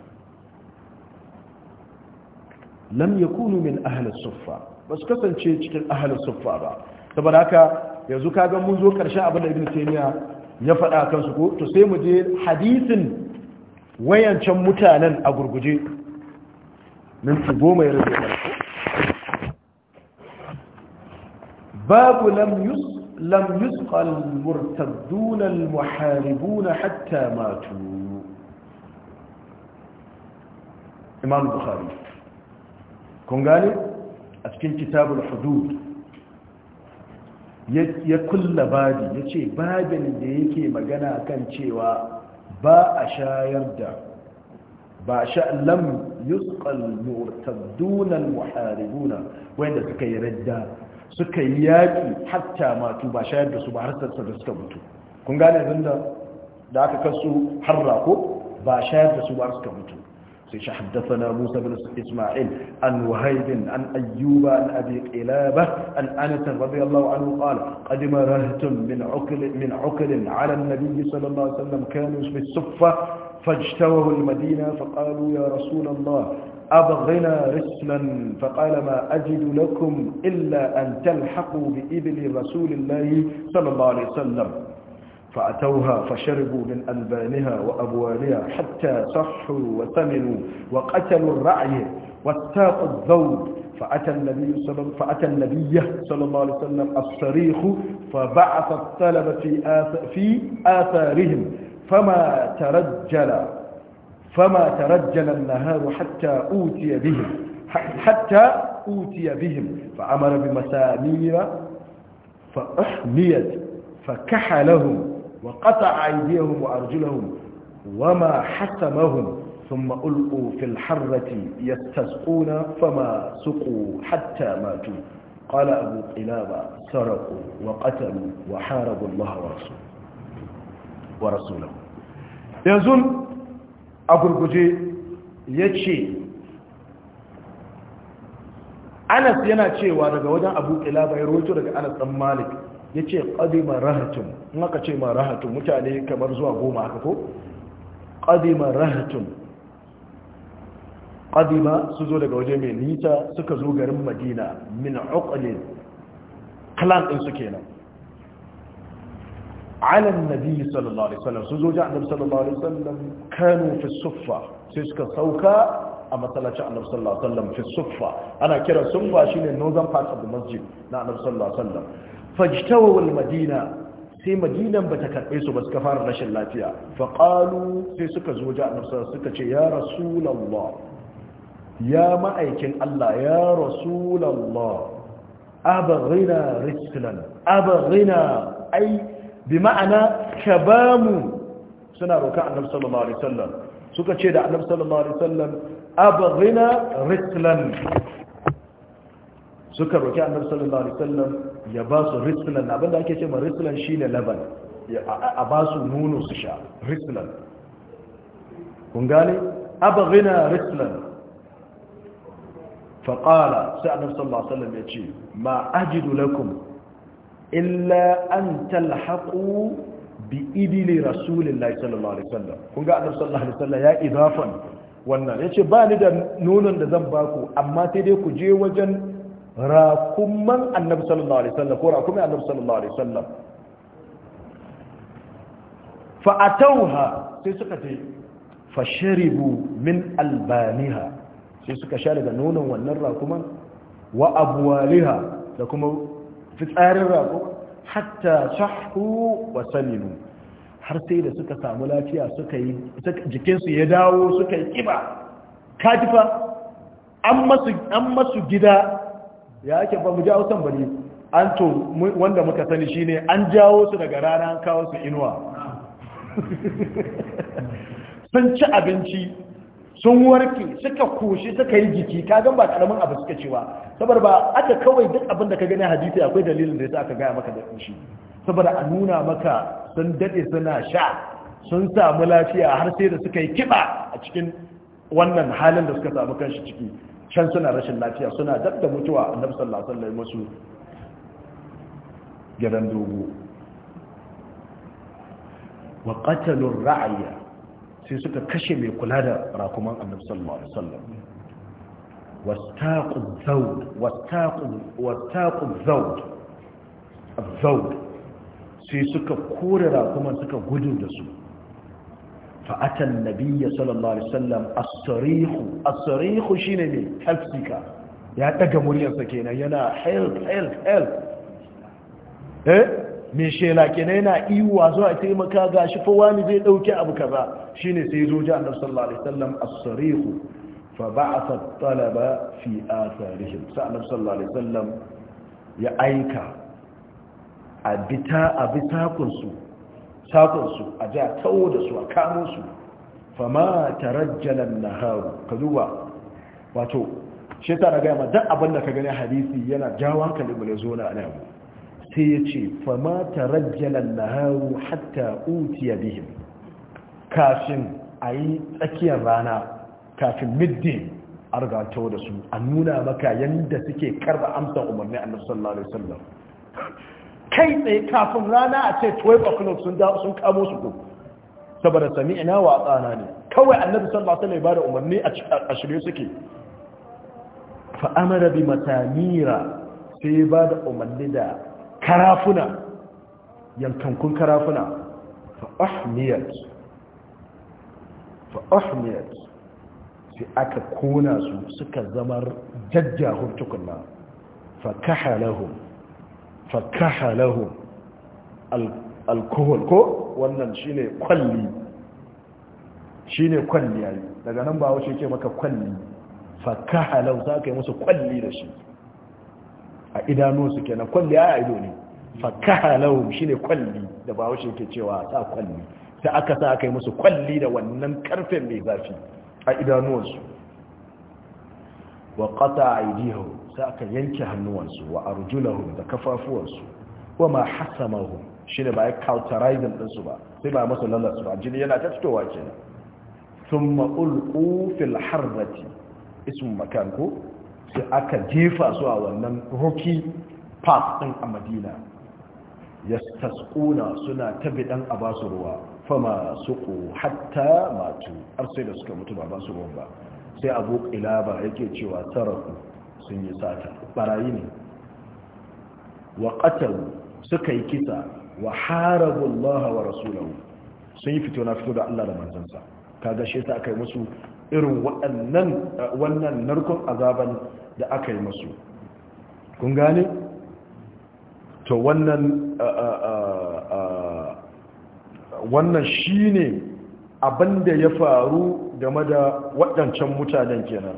لم يكونوا من أهل الصفة بس كثن شيء كثن أهل الصفة با تبا لك يا زكاة من زوك رشاء أبدا ابن تيمية يفعل آكان سكو تسيم جي حديث وين شم متانا أقرب جي من تبوما يرزي باب لم يس لم يسقى المرتدون المحاربون حتى ماتوا إمام البخاري kun gane a cikin kitabul hudud ya kulla babi ya ce babin da yake magana kan cewa ba a shayar da ba sha lam yusqal murtaduna muharibuna wanda suka yi radda suka yi yaki hatta matu ba shayar da su ba har da suka mutu kun gane zanda da aka kasu harra ko ba shayar da su ba suka mutu سيش حدثنا موسى بن إسماعيل عن وهيب عن أيوب عن أبي قلابة عن أنس رضي الله عنه قال قدم رهت من عقل, من عقل على النبي صلى الله عليه وسلم كانوا في الصفة فاجتوه المدينة فقالوا يا رسول الله أبغنا رسلا فقال ما أجد لكم إلا أن تلحقوا بإبل رسول الله صلى الله عليه وسلم فأتوها فشربوا من ألبانها وأبوالها حتى صحوا وثمنوا وقتلوا الرعي واتاقوا الذوق فأتى النبي صلى فأتى النبي صلى الله عليه وسلم الصريخ فبعث الطلبة في في آثارهم فما ترجل فما ترجل النهار حتى أوتي بهم حتى أوتي بهم فأمر بمسامير فأحميت فكحلهم وقطع أيديهم وأرجلهم وما حسمهم ثم ألقوا في الحرة يستسقون فما سقوا حتى ماتوا قال أبو قلابة سرقوا وقتلوا وحاربوا الله ورسوله ورسوله يزن أبو القجي يتشي أنس يناتشي وانا وجه أبو قلابة يرويته لك أنس أم مالك ya ce ƙadima rahatun in aka ce ma rahatun mutane kamar zuwa goma haka ko ƙadima rahatun ƙadima su zo daga waje mai nita suka zo garin madina min uqlin kalan ɗin su kenan alan nabi sallallahu alaihi sallam su zo ji annabi sallallahu alaihi wasallam kanu fi suffa sai suka sauka a matsalacin annabi sallallahu alaihi wasallam fi suffa ana kira suffa shine northern part of the masjid na annabi sallallahu alaihi wasallam fajtawul madina sai madinan ta karbe su ba suka fara rashin lafiya fa sai suka zo ji annabi suka ce ya rasulallah, ya ma'aikin Allah ya rasulullah abaghina rijlan abaghina ai bi ma'ana kabamu suna roƙa annabi sallallahu alaihi suka ce da annabi sallallahu alaihi wasallam abaghina rijlan suka roki annabi sallallahu alaihi wasallam ya ba su rislan abinda ake cewa rislan shine laban a ba su nono su sha rislan kun gane abghina rislan fa qala sai annabi sallallahu alaihi wasallam ya ce ma ajidu lakum illa an talhaqu bi idili rasulillahi sallallahu alaihi wasallam kun ga annabi sallallahu alaihi wasallam ya idafan wannan yace ba ni da nonon da zan baku amma sai dai ku je wajen rakuman annabi sallallahu alaihi wasallam ko rakumin annabi sallallahu alaihi wasallam fa atauha sai suka ce fa sharibu min albaniha sai suka sha daga nonon wannan rakuman wa abwaliha da kuma fitsarin rakuman hatta sahu wa salimu har sai da suka samu lafiya suka yi jikinsu ya dawo suka yi kiba katifa an masu gida ya ake ba mu jawo san an to wanda muka sani shine an jawo su daga rana an kawo su inuwa sun ci abinci sun warke suka koshi suka yi jiki kagan ba karamin abu suka cewa saboda ba aka kawai duk abin da ka gani hadisi akwai dalilin da ya sa aka gaya maka da shi saboda a nuna maka sun dade suna sha sun samu lafiya har sai da suka yi kiba a cikin wannan halin da suka samu kanshi ciki can suna rashin lafiya suna dab mutuwa a sallallahu alaihi wasallam musu gidan dogo wa qatalu ra'ayya sai suka kashe mai kula da rakuman annabi sallallahu alaihi wasallam wastaqu az sai suka kore rakuman suka gudu da su فأتى النبي صلى الله عليه وسلم الصريخ الصريخ شيني مي تفسيكا يا تقمر يسكينا ينا حلق حلق حلق eh me shela kenan yana iwa zuwa ce maka gashi fa wani zai dauke abu kaza shine sai zo ji Annabi sallallahu alaihi wasallam as fa ba'atha at fi atharihim sai Annabi sallallahu alaihi wasallam ya aika a bita a su a ja da su a kamo su fama tarajjalan naharu ka duba wato shi ta na gama duk ka gani hadisi yana jawo hankali mai zo na sai ya ce fama tarajjalan naharu hatta utiya bihim kafin a yi tsakiyar rana kafin middi a rigato da su a nuna maka yadda suke karba amsa umarni annabi alaihi kai tsaye kafin rana a ce 12 o'clock sun dawo sun kamo su ko saboda sami ina wa tsana ne kawai annabi sallallahu alaihi wasallam ya bada umarni a shirye suke fa amara bi matamira sai ba da umarni da karafuna yankankun karafuna fa ahmiyat fa ahmiyat sai aka kona su suka zama jajjahun tukunna fa kahalahum fakaha lahu alkohol ko wannan shine kwalli shine kwalli yayi daga nan ba wace ke maka kwalli fakaha lahu za ka yi musu kwalli da shi a idanunsu kenan kwalli a ido ne fakaha lahu shine kwalli da ba wace ke cewa sa kwalli sai aka sa aka yi musu kwalli da wannan karfen mai zafi a idanunsu wa qata aidihu sai aka yanke hannuwansu wa arjulahum da kafafuwansu wa ma hasamahum shine ba ya cauterizing din su ba sai ba masa lalace ba jini yana ta fitowa kenan thumma ulqu fil harrati ismu makan ko sai aka jefa su a wannan hoki park din a Madina yastasquna suna tabi dan a basu ruwa fama suqu hatta matu har da suka mutu ba basu ruwa ba sai abu ilaba yake cewa taraku sun yi sata barayi ne wa qatalu suka yi kisa wa harabu Allah wa rasulahu sun yi fito na fito da Allah da manzansa kaga shi yasa aka yi musu irin waɗannan wannan narkon azaban da aka yi musu kun gane to wannan wannan shine abinda ya faru game da waɗancan mutanen kenan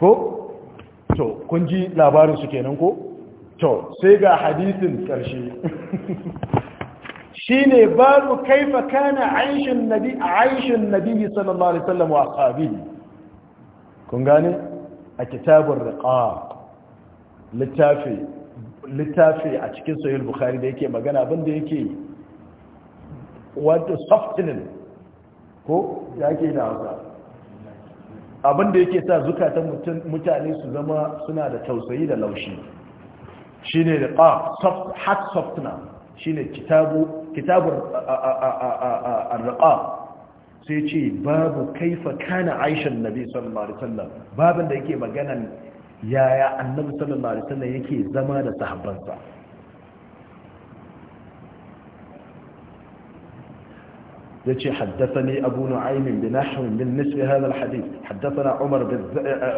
ko to kun ji labarin su kenan ko to sai ga hadisin karshe shine babu kaifa kana aishin nabi aishin nabi sallallahu alaihi wasallam wa ashabihi kun gane a kitabur riqaq littafi a cikin sahih bukhari da yake magana abinda yake wato softening ko yake da hausa abin da yake sa zukatan mutane su zama suna da tausayi da laushi shine da qaf soft hard softna shine kitabu kitabur ar sai ce babu kaifa kana aishan nabi sallallahu alaihi wasallam babin da yake maganan yaya annabi sallallahu alaihi wasallam yake zama da sahabbansa يتي حدثني أبو نعيم بنحو من نسب هذا الحديث حدثنا عمر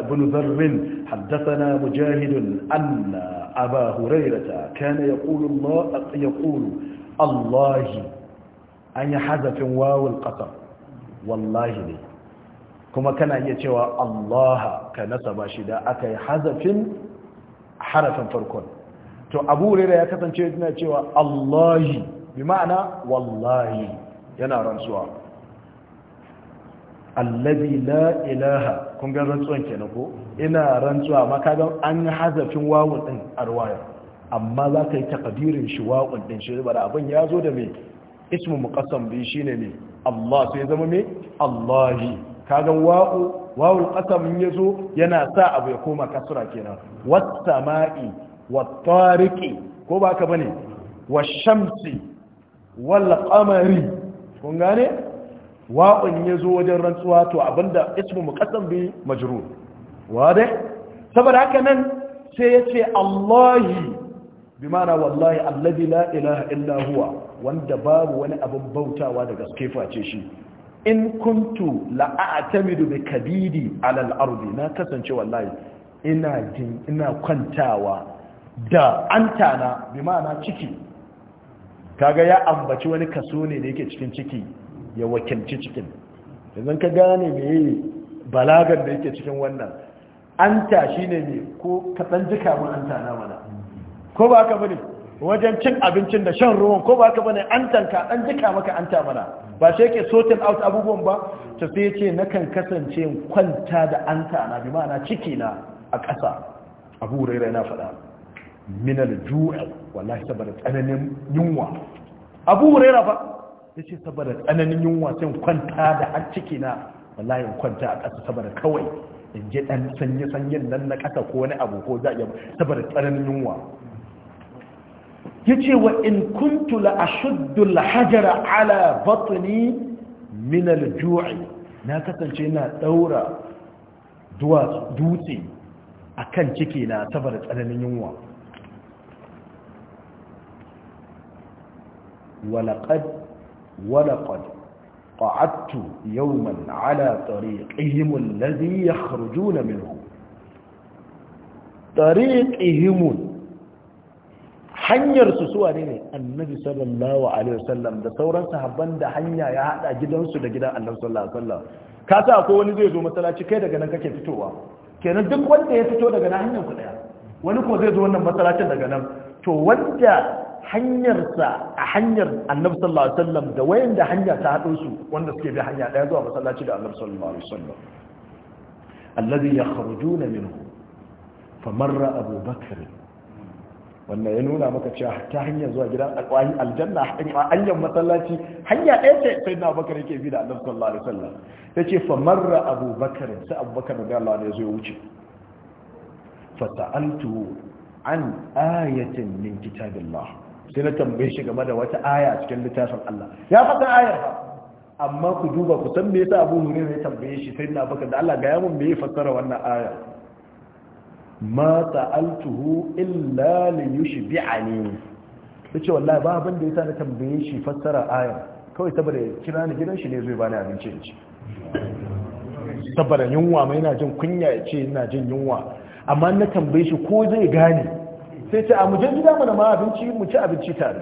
بن ذر حدثنا مجاهد أن أبا هريرة كان يقول الله يقول الله أن يحذف واو القطر والله لي كما كان يتوى الله كنسب شداء أكي حذف حرفا فركون تو أبو هريرة يكتن شيئا يتوى الله بمعنى والله yana rantsuwa allazi la ilaha kun ga rantsuwan kenan ko ina rantsuwa ma kaga an hazafin wawun din arwaya amma za ka yi takadirin shi wawun din shi ba abin ya zo da me ismu muqassam bi shine ne Allah sai zama mai. Allahi kaga wa'u wawul qasam in yazo yana sa abu ya koma kasra kenan was sama'i wat tariqi ko ba ka bane was shamsi wal qamari kun gane wa'un ya zo wajen rantsuwa to abinda ismu muqaddam bi majrur wade saboda haka nan sai ya ce allahi bi ma'ana wallahi alladhi la ilaha illa huwa wanda babu wani abin bautawa da gaske face shi in kuntu la'atamidu bi kabidi alal al-ardi na kasance wallahi ina ina kwantawa da antana bi ma'ana ciki kaga ya ambaci wani kaso ne da yake cikin ciki ya wakilci cikin yanzu ka gane me balagar da yake cikin wannan anta shi ne ko kaɗan jika mun anta na mana ko ba ka bane wajen cin abincin da shan ruwan ko ba ka bane antan ka dan jika maka anta mana ba sai yake sorting out abubuwan ba ta sai ce na kan kasance kwanta da anta na bi ma'ana ciki na a ƙasa abu rairai na faɗa min al-ju'a wallahi saboda tsananin yunwa abu huraira fa yace saboda tsananin yunwa sai kwanta da har ciki na wallahi kwanta a ƙasa saboda kawai in je dan sanye sanyen nan na ƙasa ko wani abu ko za iya saboda tsananin yunwa yace wa in kuntu la ashuddu al-hajara ala batni min al-ju'i na kasance na daura duwatsu dutse akan ciki na saboda tsananin yunwa ولقد ولقد قعدت يوما على طريقهم الذي يخرجون منه طريقهم hanyar su suwa ne annabi sallallahu alaihi wasallam da sauran sahabban da hanya ya hada gidansu da gidan annabi sallallahu alaihi wasallam ka sa ko wani zai zo masallaci kai daga nan kake fitowa kenan duk wanda ya fito daga nan hanyar ku daya wani ko zai zo wannan masallacin daga nan to wanda hanyarsa a hanyar annabi sallallahu alaihi wasallam da wayanda hanya ta hado su wanda suke bi hanya daya zuwa masallaci da annabi sallallahu alaihi wasallam alladhi yakhrujuna minhu famarra Bakr, wannan ya nuna maka cewa ta hanyar zuwa gidan alwahi aljanna a hanyar masallaci hanya ɗaya ce sai na bakar yake bi da annabi sallallahu alaihi wasallam yace famarra abubakar sai abubakar radiyallahu anhu ya zo ya wuce fasa'altu an ayatin min kitabillah sai na tambaye shi game da wata aya cikin littafin Allah ya faɗa ayar fa amma ku duba ku san me yasa Abu Hurairah ya tambaye shi sai na baka da Allah ga yamin me ya fassara wannan aya ma ta'altuhu illa li yushbi'ani yace wallahi ba abin da yasa na tambaye shi fassara aya kawai saboda kira ni gidan shi ne zai bani abinci ne saboda yunwa mai na jin kunya ya ce ina jin yunwa amma na tambaye shi ko zai gane sai ce a mu je gida mana ma abinci mu ci abinci tare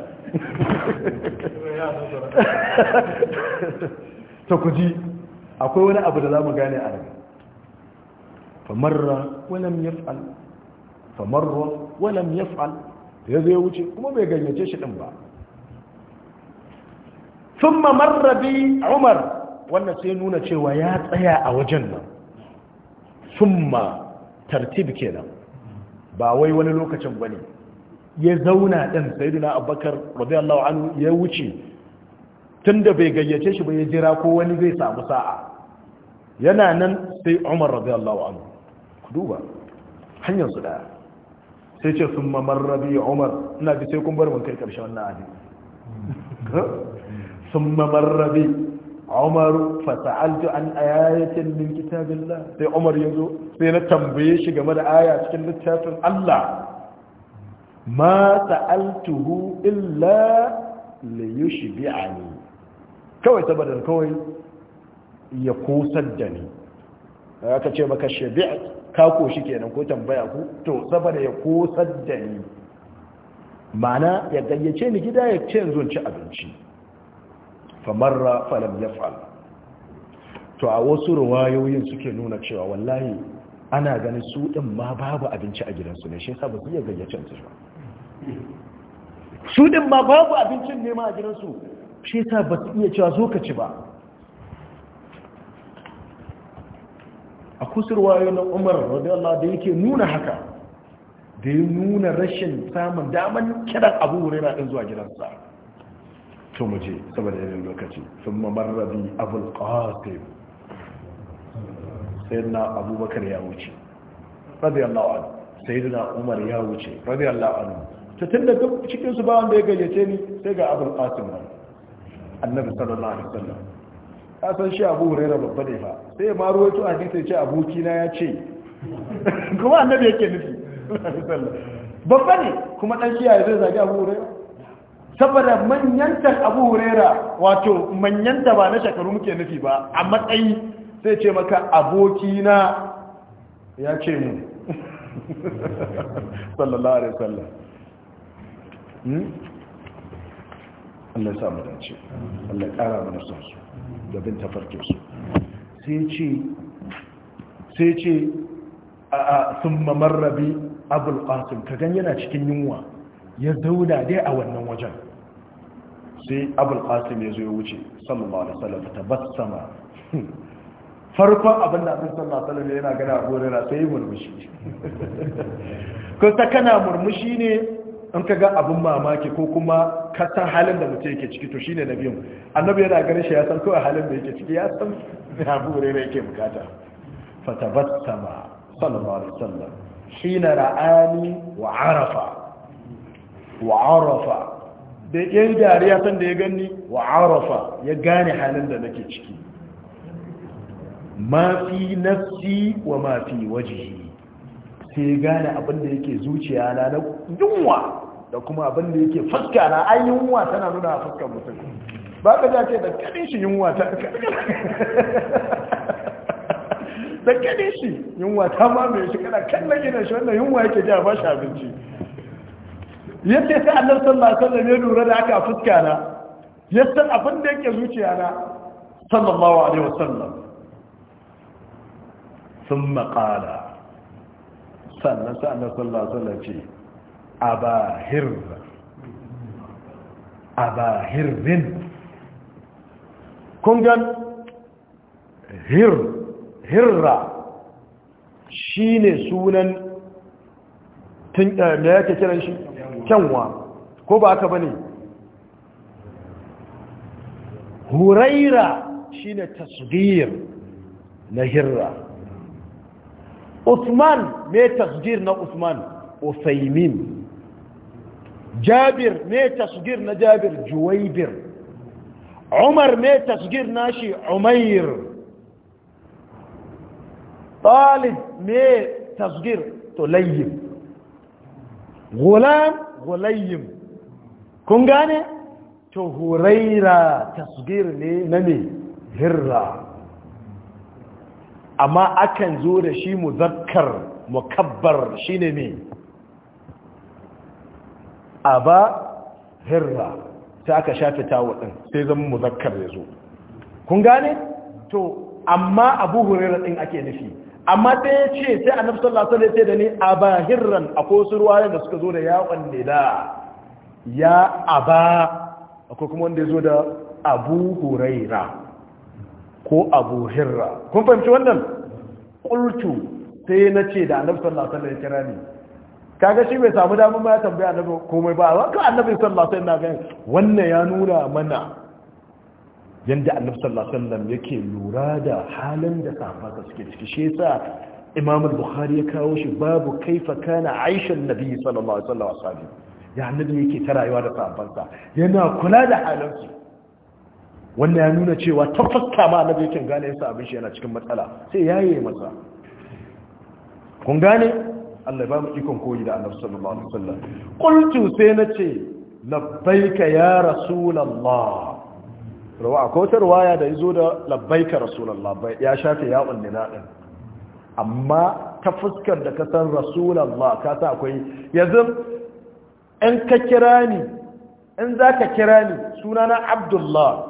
ta ku ji akwai wani abu da za mu gane a nan famarra walam yaf'al famarra walam yaf'al ya zai wuce kuma bai gayyace shi din ba sun marra bi umar wannan sai nuna cewa ya tsaya a wajen nan thumma tartib kenan ba wai wani lokacin ba ne ya zauna ɗin sayiduna abubakar radiyallahu anhu ya wuce tun da bai gayyace shi ba ya jira ko wani zai samu sa'a yana nan sai umar radiyallahu anhu ku duba hanyar su daya sai ce sun mamar rabi umar ina bi sai kun bar mun kai karshen wannan hadisi sun mamar rabi Umar fa sa'altu an ayatin min kitabillah sai Umar yazo sai na tambaye shi game da aya cikin littafin Allah ma sa'altuhu illa liyushbi'ani kawai saboda kawai ya kosar da ni aka ce maka shabi' ka koshi kenan ko tambaya ku to saboda ya kosar da ni mana ya gayyace ni gida ya ce yanzu ci abinci famarra falam yaf'al to a wasu ruwayoyin suke nuna cewa wallahi ana ganin su din ma babu abinci a gidansu ne shi yasa ba su iya gayyacin su ba su din ma babu abincin ne ma a gidansu shi yasa ba su iya cewa zo ka ci ba a kusurwayo na umar radiyallahu da yake nuna haka da ya nuna rashin samun damar kiran abubuwa na ɗin zuwa gidansa to mu je saboda irin lokaci sun mamarrabi abul qasim sayyidina abubakar ya wuce radiyallahu anhu sayyidina umar ya wuce radiyallahu anhu to tunda duk cikin su ba wanda ya gayyace ni sai ga abul qasim nan annabi sallallahu alaihi wasallam ka san shi abu hurairah babba ne fa sai ma ruwaito sai ce aboki na ya ce kuma annabi yake nufi babba ne kuma dan kiyaye zai zage abu hurairah saboda manyantar abu hurera wato manyanta ba na shekaru muke nufi ba a matsayi sai ce maka abokina ya ce mu sallallahu alaihi wasallam hmm? Allah ya samu dace Allah ya kara mana son su da bin tafarkin su sai ce sai ce a sun mamarrabi abul qasim gan yana cikin yunwa ya zauna dai a wannan wajen sai abul qasim ya zo ya wuce sallallahu alaihi wasallam tabassama farkon abin da abin sallallahu alaihi wasallam yana gana a na sai murmushi ko ta kana murmushi ne in ka ga abin mamaki ko kuma ka san halin da mutum yake ciki to shine nabiyin annabi yana ganin shi ya san kawai halin da yake ciki ya san abu ne yake bukata tabassama sallallahu alaihi wasallam shine ra'ani wa arafa wa arafa da ya yi dariya san da ya gani wa arafa ya gane halin da nake ciki mafi nafsi wa mafi wajihi sai ya gane abin da yake zuciya na na yunwa da kuma abin da yake fuska na ai yunwa tana nuna a fuskar mutum ba ka ce da kaɗin shi yunwa ta da kaɗin shi yunwa ta mamaye shi kana kallon gina shi wannan yunwa yake ji a shi abinci yace sai annabi sallallahu alaihi wasallam ya lura da haka a fuska na ya san abin da yake zuciya na sallallahu alaihi wasallam thumma qala sannan sai annabi sallallahu alaihi wasallam ce abahir abahirin kun gan hir hirra shine sunan tun da eh, yake kiran shi kyanwa ko ba aka bane huraira shine tasgir na hirra usman me tasgir na usman usaymin jabir me tasgir na jabir juwaybir umar me na shi umair talib me tasgir tulayyib gulam gulayyim kun gane to huraira tasgir ne na me hirra amma akan zo da shi muzakkar mukabbar shine me aba hirra ta aka shafe tawo sai zama muzakkar ya zo kun gane to amma abu huraira din ake nufi amma sai ya ce sai a nafsar lasar da ya ce da ni a ba a akwai wasu ruwayoyin da suka zo da ya da ya ba, akwai kuma wanda ya zo da abu huraira ko abu hirra kun fahimci wannan kultu sai na ce da annabi sallallahu alaihi wasallam ya kira ni kaga shi bai samu damar ma ya tambaya annabi komai ba ka annabi sallallahu alaihi wasallam na wannan ya nuna mana yanda annabi sallallahu yake lura da halin da sahabbansa suke ciki shi yasa imam al ya kawo shi babu kaifa kana aisha annabi sallallahu alaihi wasallam sahabi ya annabi yake ta rayuwa da sahabbansa yana kula da halinsu wannan ya nuna cewa ta tafakka ma annabi yake gane yasa abin shi yana cikin matsala sai ya yi masa kun gane Allah ba mu ikon koyi da annabi sallallahu alaihi wasallam qultu sai nace labbaika ya rasulallah. rawa akwai wata ruwaya da yazo da labbaika rasulullah bai ya shafe yawon unnina amma ta fuskar da ka san rasulullah ka akwai yanzu in ka kira ni in zaka kira ni sunana abdullah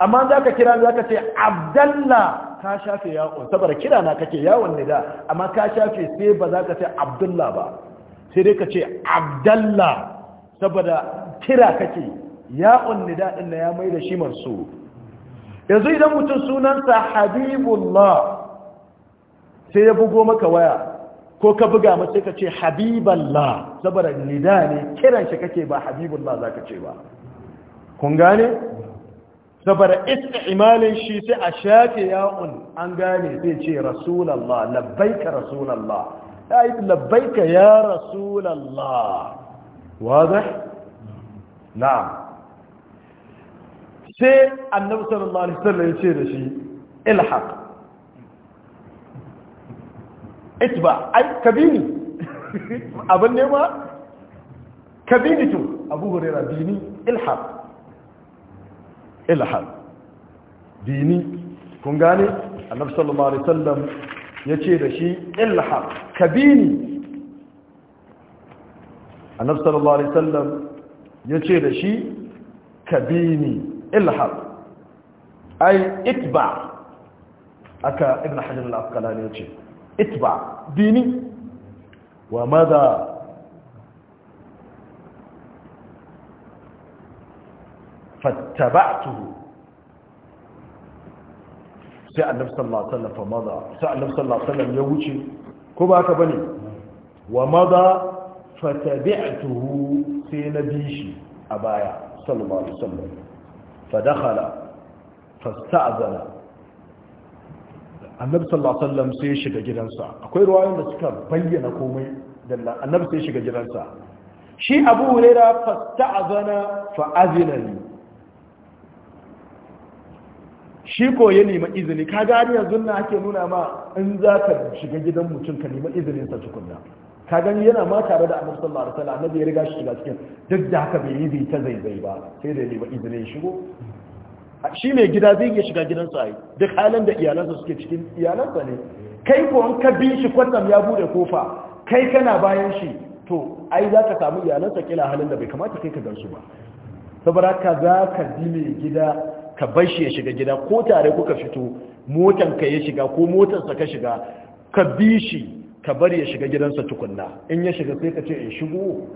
amma zaka kira ni ka ce abdallah ka shafe yawon saboda kira na kake yawon nida amma ka shafe sai ba za ka ce abdullah ba sai dai ka ce abdallah saboda kira kake ya unnida daɗin na ya mai da shi mansub yanzu idan mutum sunansa habibullah sai ya bugo maka waya ko ka buga mace ka ce habiballah saboda nida ne kiran shi kake ba habibullah zaka ce ba kun gane saboda istimalin shi sai a shafe ya'un an gane sai ce rasulallah labbaika rasulallah ya yi labbaika ya rasulallah wadda? na'am سي النبي صلى الله عليه وسلم يشير شيء الى حق اتبع اي كبيني ابن نما كبيني تو ابو هريره ديني الحق الى حق ديني كونغاني غاني النبي صلى الله عليه وسلم يشير شيء الى حق كبيني النبي صلى الله عليه وسلم يشير شيء كبيني إلا الحظ أي اتبع أكا ابن حجر الأفقلاني اتبع ديني وماذا فاتبعته سأل نفس الله عليه وسلم فماذا سأل نفس الله عليه وسلم يوشي كباك بني وماذا فتبعته سينبيشي أبايا صلى الله عليه وسلم fadakhala fasta'zana annabi sallallahu alaihi wasallam sai shiga gidansa akwai ruwayoyin da suka bayyana komai dalla annabi sai shiga gidansa shi abu huraira fasta'zana azina li shi ko ya nemi izini kaga har yanzu na ake nuna ma in za ka shiga gidan mutum ka nemi izinin sa tukunna ka gani yana ma tare da annabi sallallahu alaihi wasallam annabi ya riga shi ga cikin duk da haka bai yi zai ta zaizai ba sai da ba izinin shigo shi mai gida zai iya shiga gidansa ai duk halin da iyalansa suke cikin iyalansa ne kai ko an ka bi shi kwatsam ya bude kofa kai kana bayan shi to ai za ka samu iyalansa kila halin da bai kamata kai ka gansu ba saboda ka za ka bi mai gida ka bar shi ya shiga gida ko tare kuka fito motan ka ya shiga ko motarsa ka shiga ka bi shi ka bari ya shiga gidansa tukunna in ya shiga sai ka ce in eh, shigo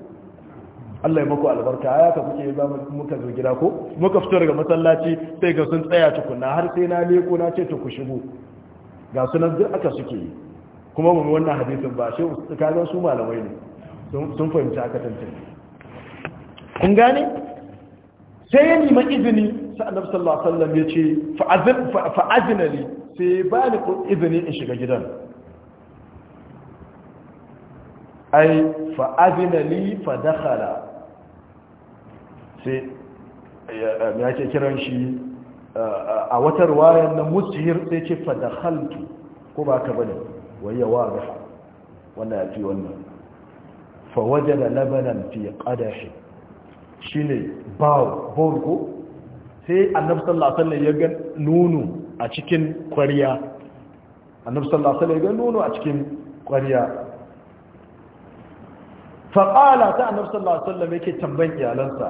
Allah ya maku albarka ya ka kuke ba muka zo gida ko muka fito daga masallaci sai ga sun tsaya tukunna har sai na leko na ce to ku shigo ga sunan duk aka suke kuma mu wannan hadisin ba shi kaga su malamai ne sun fahimci aka tantance kun gane sai ya nima izini sa annabi sallallahu alaihi wasallam ya ce fa'azin fa'azinali sai ba ni izini in shiga gidan ai fa'adina li fa dakhala sai ya ke kiran shi a watar wayan na mustahir sai ce fa dakhaltu ko ba ka bane wa wadaha wannan ya fi wannan fa wajada labanan fi qadahi shine bawo borgo sai annabi sallallahu alaihi wasallam ya ga nunu a cikin kwariya annabi sallallahu alaihi wasallam ya ga nunu a cikin kwariya faƙala ta annabi sallallahu alaihi wasallam yake tambayin iyalansa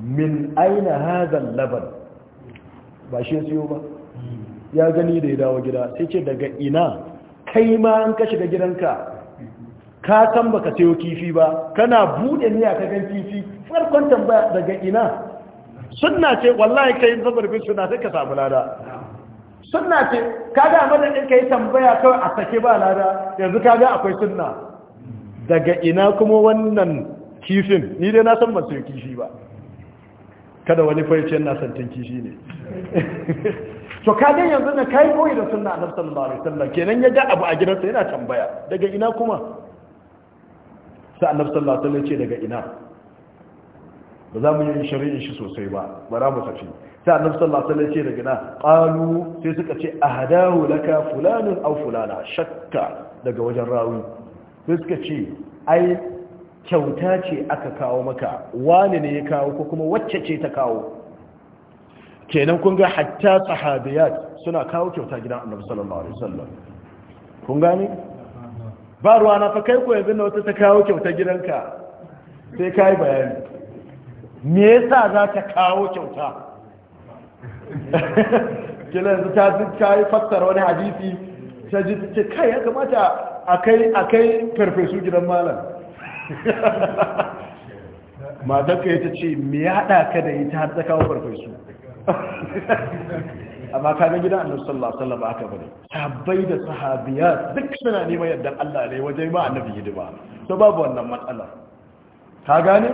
min aina hazan laban ba shi ya siyo ba ya gani da ya dawo gida sai ce daga ina kai ma an ka shiga gidanka ka san baka sayo kifi ba kana bude ni a kagan kifi farkon tambaya daga ina sunna ce wallahi kai bin suna sai ka samu lada sunna ce kaga amadan ɗin ka yi tambaya kawai a sake ba lada yanzu kaga akwai sunna daga ina kuma wannan kifin ni dai na san ban sayo kishi ba kada wani fahimci yana santin kishi ne to ka yanzu na kai koyi da suna annabi sallallahu alaihi kenan ya ga abu a gidansa yana tambaya daga ina kuma sa annabi sallallahu alaihi ce daga ina ba za mu yi shari'in shi sosai ba ba za mu tafi Sa annabi sallallahu alaihi ce daga ina ƙalu sai suka ce a ahadahu laka fulanun aw fulana shakka daga wajen rawi sai suka ce ai kyauta ce aka kawo maka wani ne ya kawo ko kuma wacce ce ta kawo kenan kun ga hatta sahabiyat suna kawo kyauta gidan annabi sallallahu alaihi wasallam kun gane ba ruwa na fa kai ko yanzu na wata ta kawo kyauta gidanka sai kai bayani me yasa za ta kawo kyauta kila yanzu ta ji kai fassara wani hadisi ta ji ce kai ya kamata akai akai farfesu gidan malam matar ka ita ce me ya haɗa ka da ita har ta kawo farfesu amma kaga gidan annabi sallallahu alaihi wasallam aka bari Sabai da sahabiya duk suna neman yaddan Allah ne waje ma annabi hidima to babu wannan matsala ka gane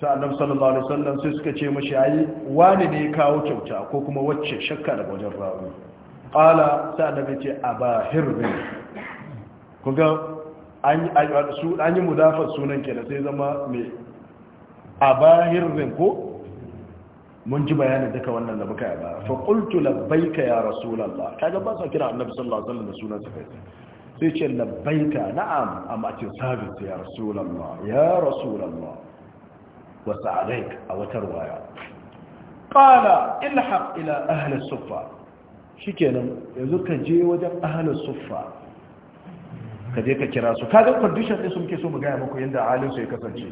sai annabi sallallahu alaihi wasallam sai suka ce mishi ai wani ne ya kawo kyauta ko kuma wacce shakka daga wajen rawi qala sai annabi ce abahir kun an yi mudafar sunan kenan sai zama mai a bahirin ko mun ji bayanin duka wannan da muka yi ba fa qultu labbaika ya rasulallah. kaga ba sa kira annabi sallallahu alaihi wasallam da sunan sa kai sai ce labbaika na'am amma ce sabit ya rasulallah, ya rasulullah wa sa'alaik a wata ruwaya qala ilhaq ila ahli suffa shikenan yanzu ka je wajen ahli suffa ka je ka kira su kaga condition din su muke so mu gaya muku yanda halin su ya kasance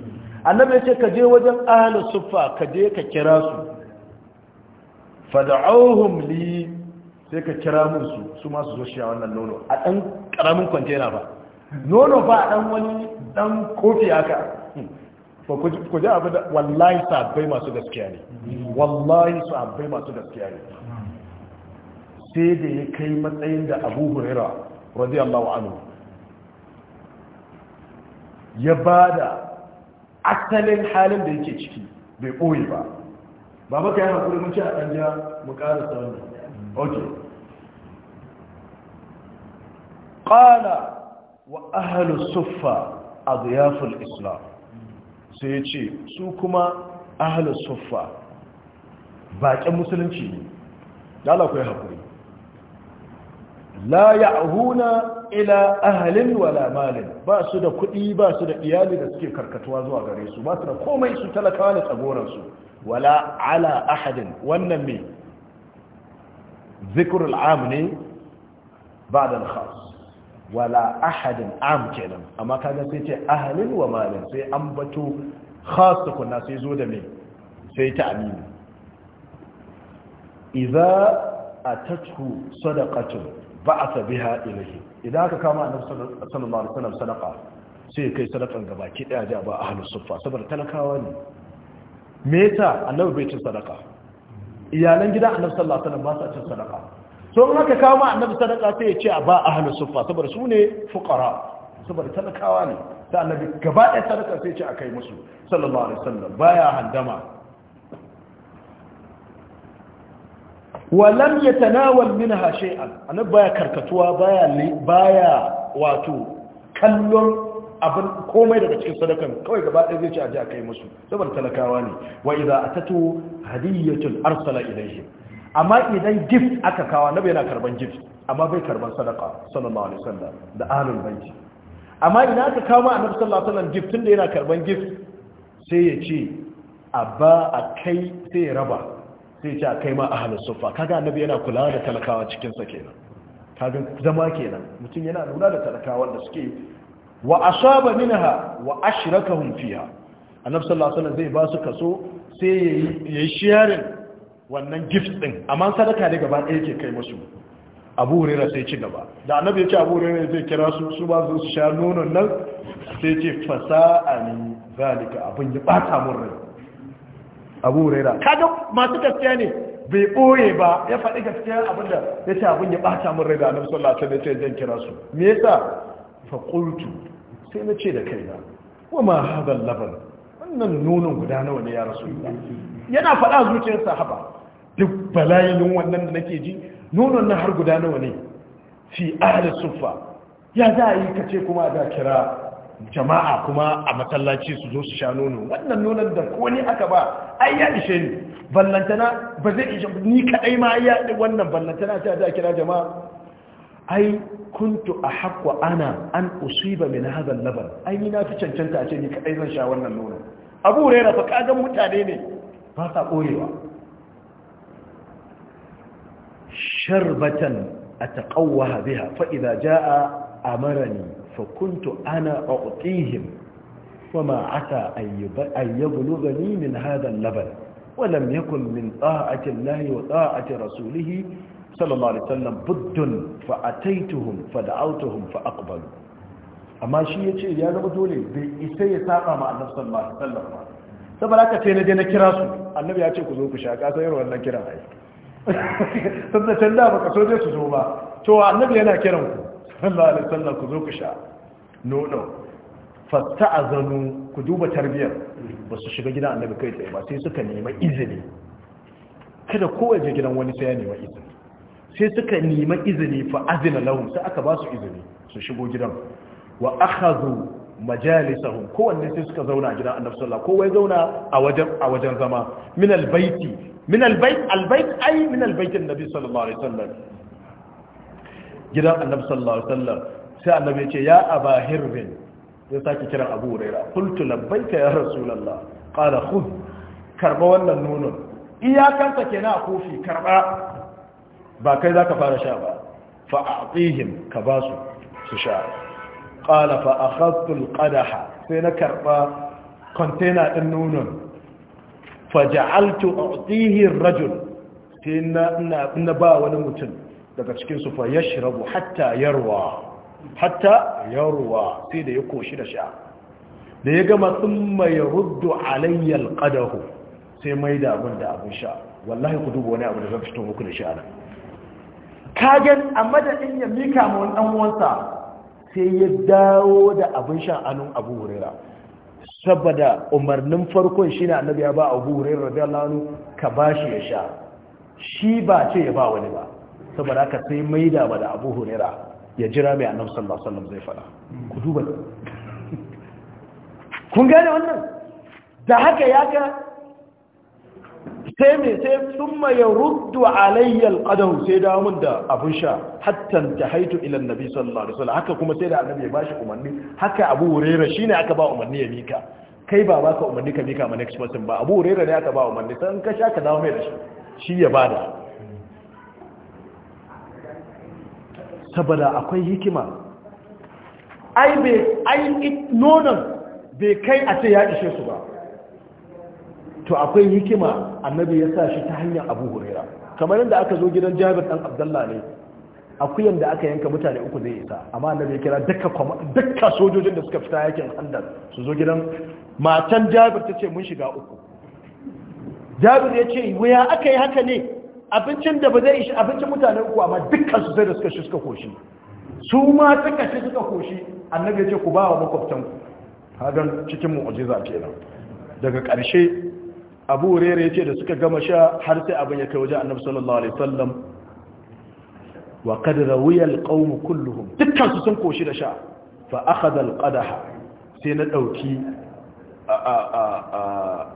annabi ya ce ka je wajen ahlus suffa ka je ka kira su fad'uhum li sai ka kira mun su su ma su zo shi a wannan nono a dan karamin container ba nono ba a dan wani dan kofi haka ku ji abu da wallahi sabbai masu gaskiya ne wallahi sabbai masu gaskiya ne sai da ya kai matsayin da abu hurera radiyallahu anhu ya ba da asalin halin da yake ciki bai ɓoye ba ba maka yana kuri mun a ɗanja mu ƙara sauran ok ƙana wa ahalu suffa a ziyafin islam sai ce su kuma ahalu suffa baƙin musulunci ne da ya haƙuri la ya'huna ila ahalin wala malin ba su da kuɗi ba su da iyali da suke karkatuwa zuwa gare su ba su da komai su talakawa da tsagoransu wala ala ahadin wannan me. zikur al'am ne ba da khas wala ahadin am kenan amma kaga sai ce ahalin wa malin sai an bato khas tukunna sai zo da me. sai ta amini idza atatu sadaqatun ba'atha biha ilayhi idan aka kama annabi sallallahu alaihi wasallam sadaqa sai kai sadakan gabaki daya da ba ahlus suffa saboda talakawa ne me yasa annabi bai cin sadaka iyalan gida annabi sallallahu alaihi wasallam ba su cin sadaka so in aka kama annabi sadaka sai ya ce a ba ahlus suffa saboda su ne fuqara saboda talakawa ne sai annabi gaba daya sadaka sai ya ce a kai musu sallallahu alaihi wasallam baya handama walam ya tanawal min hashe'an annab baya karkatuwa baya wato kallon abin komai daga cikin sadakan kawai gaba ɗaya zai ci a ji a kai musu saboda talakawa ne wa idan a tato hadiyyatul arsala ilaihim amma idan gift aka kawo annabi yana karban gift amma bai karban sadaka sallallahu alaihi sallam, da ahlul bait amma idan aka kawo annabi sallallahu alaihi wasallam gift tunda yana karban gift sai ya ce a ba a kai sai ya raba sai ce a kai ma halin sufa kaga annabi yana kula da talakawa cikin sa kenan kaga zama kenan mutum yana lura da talakawa da suke wa asaba minha wa ashrakahum fiha annabi sallallahu alaihi wasallam zai ba su kaso sai yayi sharing wannan gift din amma sadaka ne gaba ɗaya ke kai musu abu hurera sai ci gaba da annabi ya ce abu hurera zai kira su su ba su sha nonon nan sai ce fasa'ani zalika abin ya bata mun rai abu raira kaga masu gaskiya ne bai ɓoye ba ya faɗi gaskiya abinda ya ce abin ya ɓata min rai da annabi ta alaihi zan kira su me yasa fa sai na ce da kaina wa ma haɗa labar wannan nonon guda nawa ne ya rasu yana faɗa zuciyar sahaba duk balayin wannan da nake ji nonon na har guda nawa ne fi ahli suffa ya za a yi kace kuma da kira jama'a kuma a masallaci su zo su sha nono wannan nonon da ko ni aka ba ai ya ishe ni ballantana ba zai ishe ni kadai ma ya wannan ballantana ta za kira jama'a ai kuntu a haƙwa ana an usiba min hadal laban ai ni na fi cancanta a ce ni kadai zan sha wannan nono abu rera fa kagan mutane ne ba sa korewa sharbatan ataqawwa biha fa idza jaa amarani fakuntu ana uqtihim wama ata an yablughani min hadha al-laban ولم يكن من طاعة الله وطاعة رسوله صلى الله عليه وسلم بد فأتيتهم فدعوتهم فأقبلوا amma shi ya ce ya zama dole bai isa ya saba ma annabi sallallahu alaihi wasallam ba saboda haka sai na je na kira su annabi ya ce ku zo ku shaka sai yawan wannan kiran ai saboda can da ka so dai su zo ba to annabi yana kiran ku sallallahu alaihi wasallam ku zo ku sha no no fatta zanu ku duba tarbiyyar ba su shiga gidan annabi kai tsaye ba sai suka nema izini kada kowace gidan wani sai ya nema izini sai suka nema izini fa azina lahum sai aka ba su izini su shigo gidan wa akhadhu majalisahum kowanne sai suka zauna a gidan annabi sallallahu kowa ya zauna a wajen a wajen zama min albayti min albayt albayt ay min albayt annabi sallallahu alaihi wasallam gidan annabi sallallahu alaihi wasallam sai annabi ya ce ya aba hirbin ya sake kiran abu huraira qultu labbaika ya rasulullah qala khudh karba wannan nonon iyakansa kenan a kofi karba ba kai zaka fara sha ba fa a'tihim ka basu su sha qala fa akhadtu alqadaha sai na karba container din nonon fa ja'altu a'tihi ar-rajul sai na na ba wani mutum daga cikin su fa yashrabu hatta yarwa hatta yarwa sai da ya koshi da sha da ya gama sun mai ruddu alayyal qadahu sai mai da abin da abin sha wallahi ku duba wani abu da zan fito muku da shi anan kagen a madadin ya mika ma wani dan sai ya dawo da abin sha anun abu hurera saboda umarnin farkon shi na annabi ya ba abu hurera radiyallahu anhu ka ba shi ya sha shi ba ce ya ba wani ba saboda ka sai maida ba da abu hurera ya jira mai annabi sallallahu alaihi zai fada ku duba kun gane wannan da haka ya ga sai mai sai summa ya ruddu alayya alqadam sai da mun da abun sha hatta tahaitu ila annabi sallallahu alaihi wasallam haka kuma sai da annabi ya bashi umarni haka abu hurairah shine aka ba umarni ya mika kai ba ba ka umarni ka mika ma next person ba abu hurairah ne aka ba umarni sai ka sha ka dawo mai da shi shi ya bada saboda akwai hikima ai be ai nonon bai kai a ce ya ishe su ba to akwai hikima annabi ya sa shi ta hanyar abu hurera kamar yadda aka zo gidan jabir dan abdallah ne akuyan da aka yanka mutane uku zai isa amma annabi ya kira dukka sojojin da suka fita yakin handar su zo gidan matan jabir ta ce mun shiga uku jabir ya ce wuya aka yi haka ne abincin da ba zai ishi abincin mutane uku amma dukkan su sai da suka shi suka koshi su ma suka shi suka koshi annabi ya ce ku ba wa makwabtan ku hagan cikin mu'jiza kenan daga ƙarshe abu rere ya ce da suka gama sha har sai abin ya kai wajen annabi sallallahu alaihi wasallam wa qad rawiya alqawm kulluhum dukkan su sun koshi da sha fa akhadha alqadaha sai na dauki a a a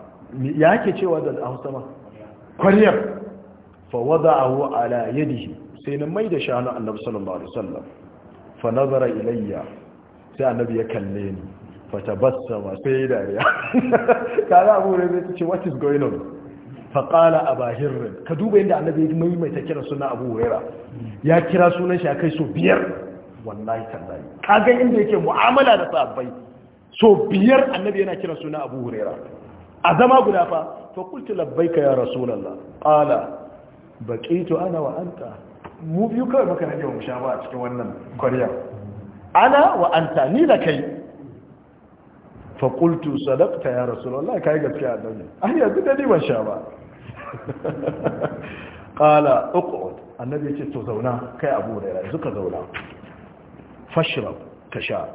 yake cewa da Hausa ma kwaryar fa wada'ahu ala yadihi sai na mai da shanu annabi sallallahu alaihi wasallam fa nazara ilayya sai annabi ya kalle ni fa tabassama sai dariya kaga abu ne zai ce what is going on faƙala a bahirin ka duba yadda annabi ya maimaita kira suna abu huraira ya kira sunan shi a kai so biyar wallahi tallahi kaga inda yake mu'amala da sahabbai so biyar annabi yana kiran suna abu huraira a zama guda fa fa qultu labbaika ya rasulullah qala bakaito ana wa anta mu biyu kawai maka rage mu sha ba a cikin wannan kwarya ana wa anta ni da kai fa qultu sadaqta ya rasulullah kai gaskiya ne ai yanzu da ni ban sha ba qala uqud annabi yace to zauna kai abu da yanzu zuka zauna fashrab ka sha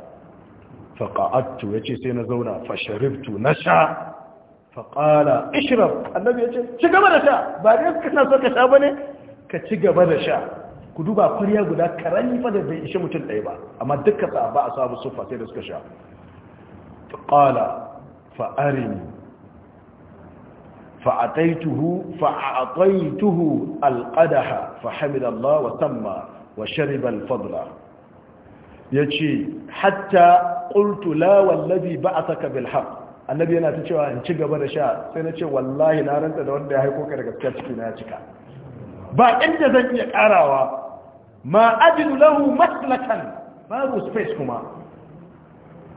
faƙa'attu ya ce sai na zauna fashribtu nasha faƙala ishraf annabi ya ce ci gaba da sha ba dai kana so ka sha ba ne ka ci gaba da sha ku duba kwarya guda karami fa da bai ishe mutum ɗaya ba amma duka sa ba a samu sufa sai da suka sha faƙala fa'arini fa'ataituhu fa'ataituhu alqadaha fa wa tamma wa shariba alfadla yace hatta qultu la wallazi ba'athaka bil haqq annabi yana ta cewa in ci gaba da sha sai na ce wallahi na ranta da wanda ya haiko ka da gaskiya ciki na cika ba inda zan iya karawa ma ajidu lahu maslakan babu space kuma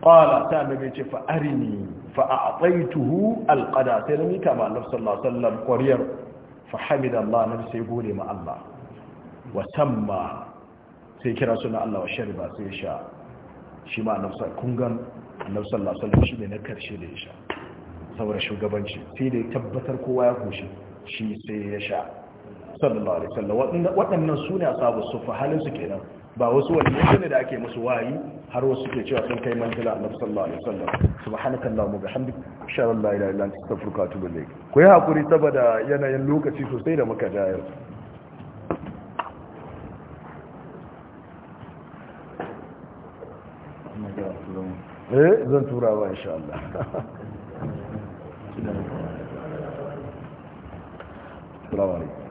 qala ta annabi ce fa arini fa a'taytuhu alqada sai na mika ma annabi sallallahu alaihi wasallam qariyar fa hamida Allah nabi sai gode ma Allah wa tamma sai kira suna Allah wa shariba sai sha shi ma annabi kun gan annabi sallallahu alaihi wasallam shine na karshe da ya saboda shugabanci sai da tabbatar kowa ya goshi shi sai ya sha sallallahu alaihi wasallam waɗannan sune asabu sufa halin su kenan ba wasu wani ne da ake musu wayi har wasu ke cewa sun kai manzila annabi sallallahu alaihi wasallam subhanaka allahumma bihamdik ashhadu an la ilaha illa anta astaghfiruka wa atubu ilaik ku yi hakuri saboda yanayin lokaci sosai da muka jayar Oh my eh zan tura ba insha Allah alaikum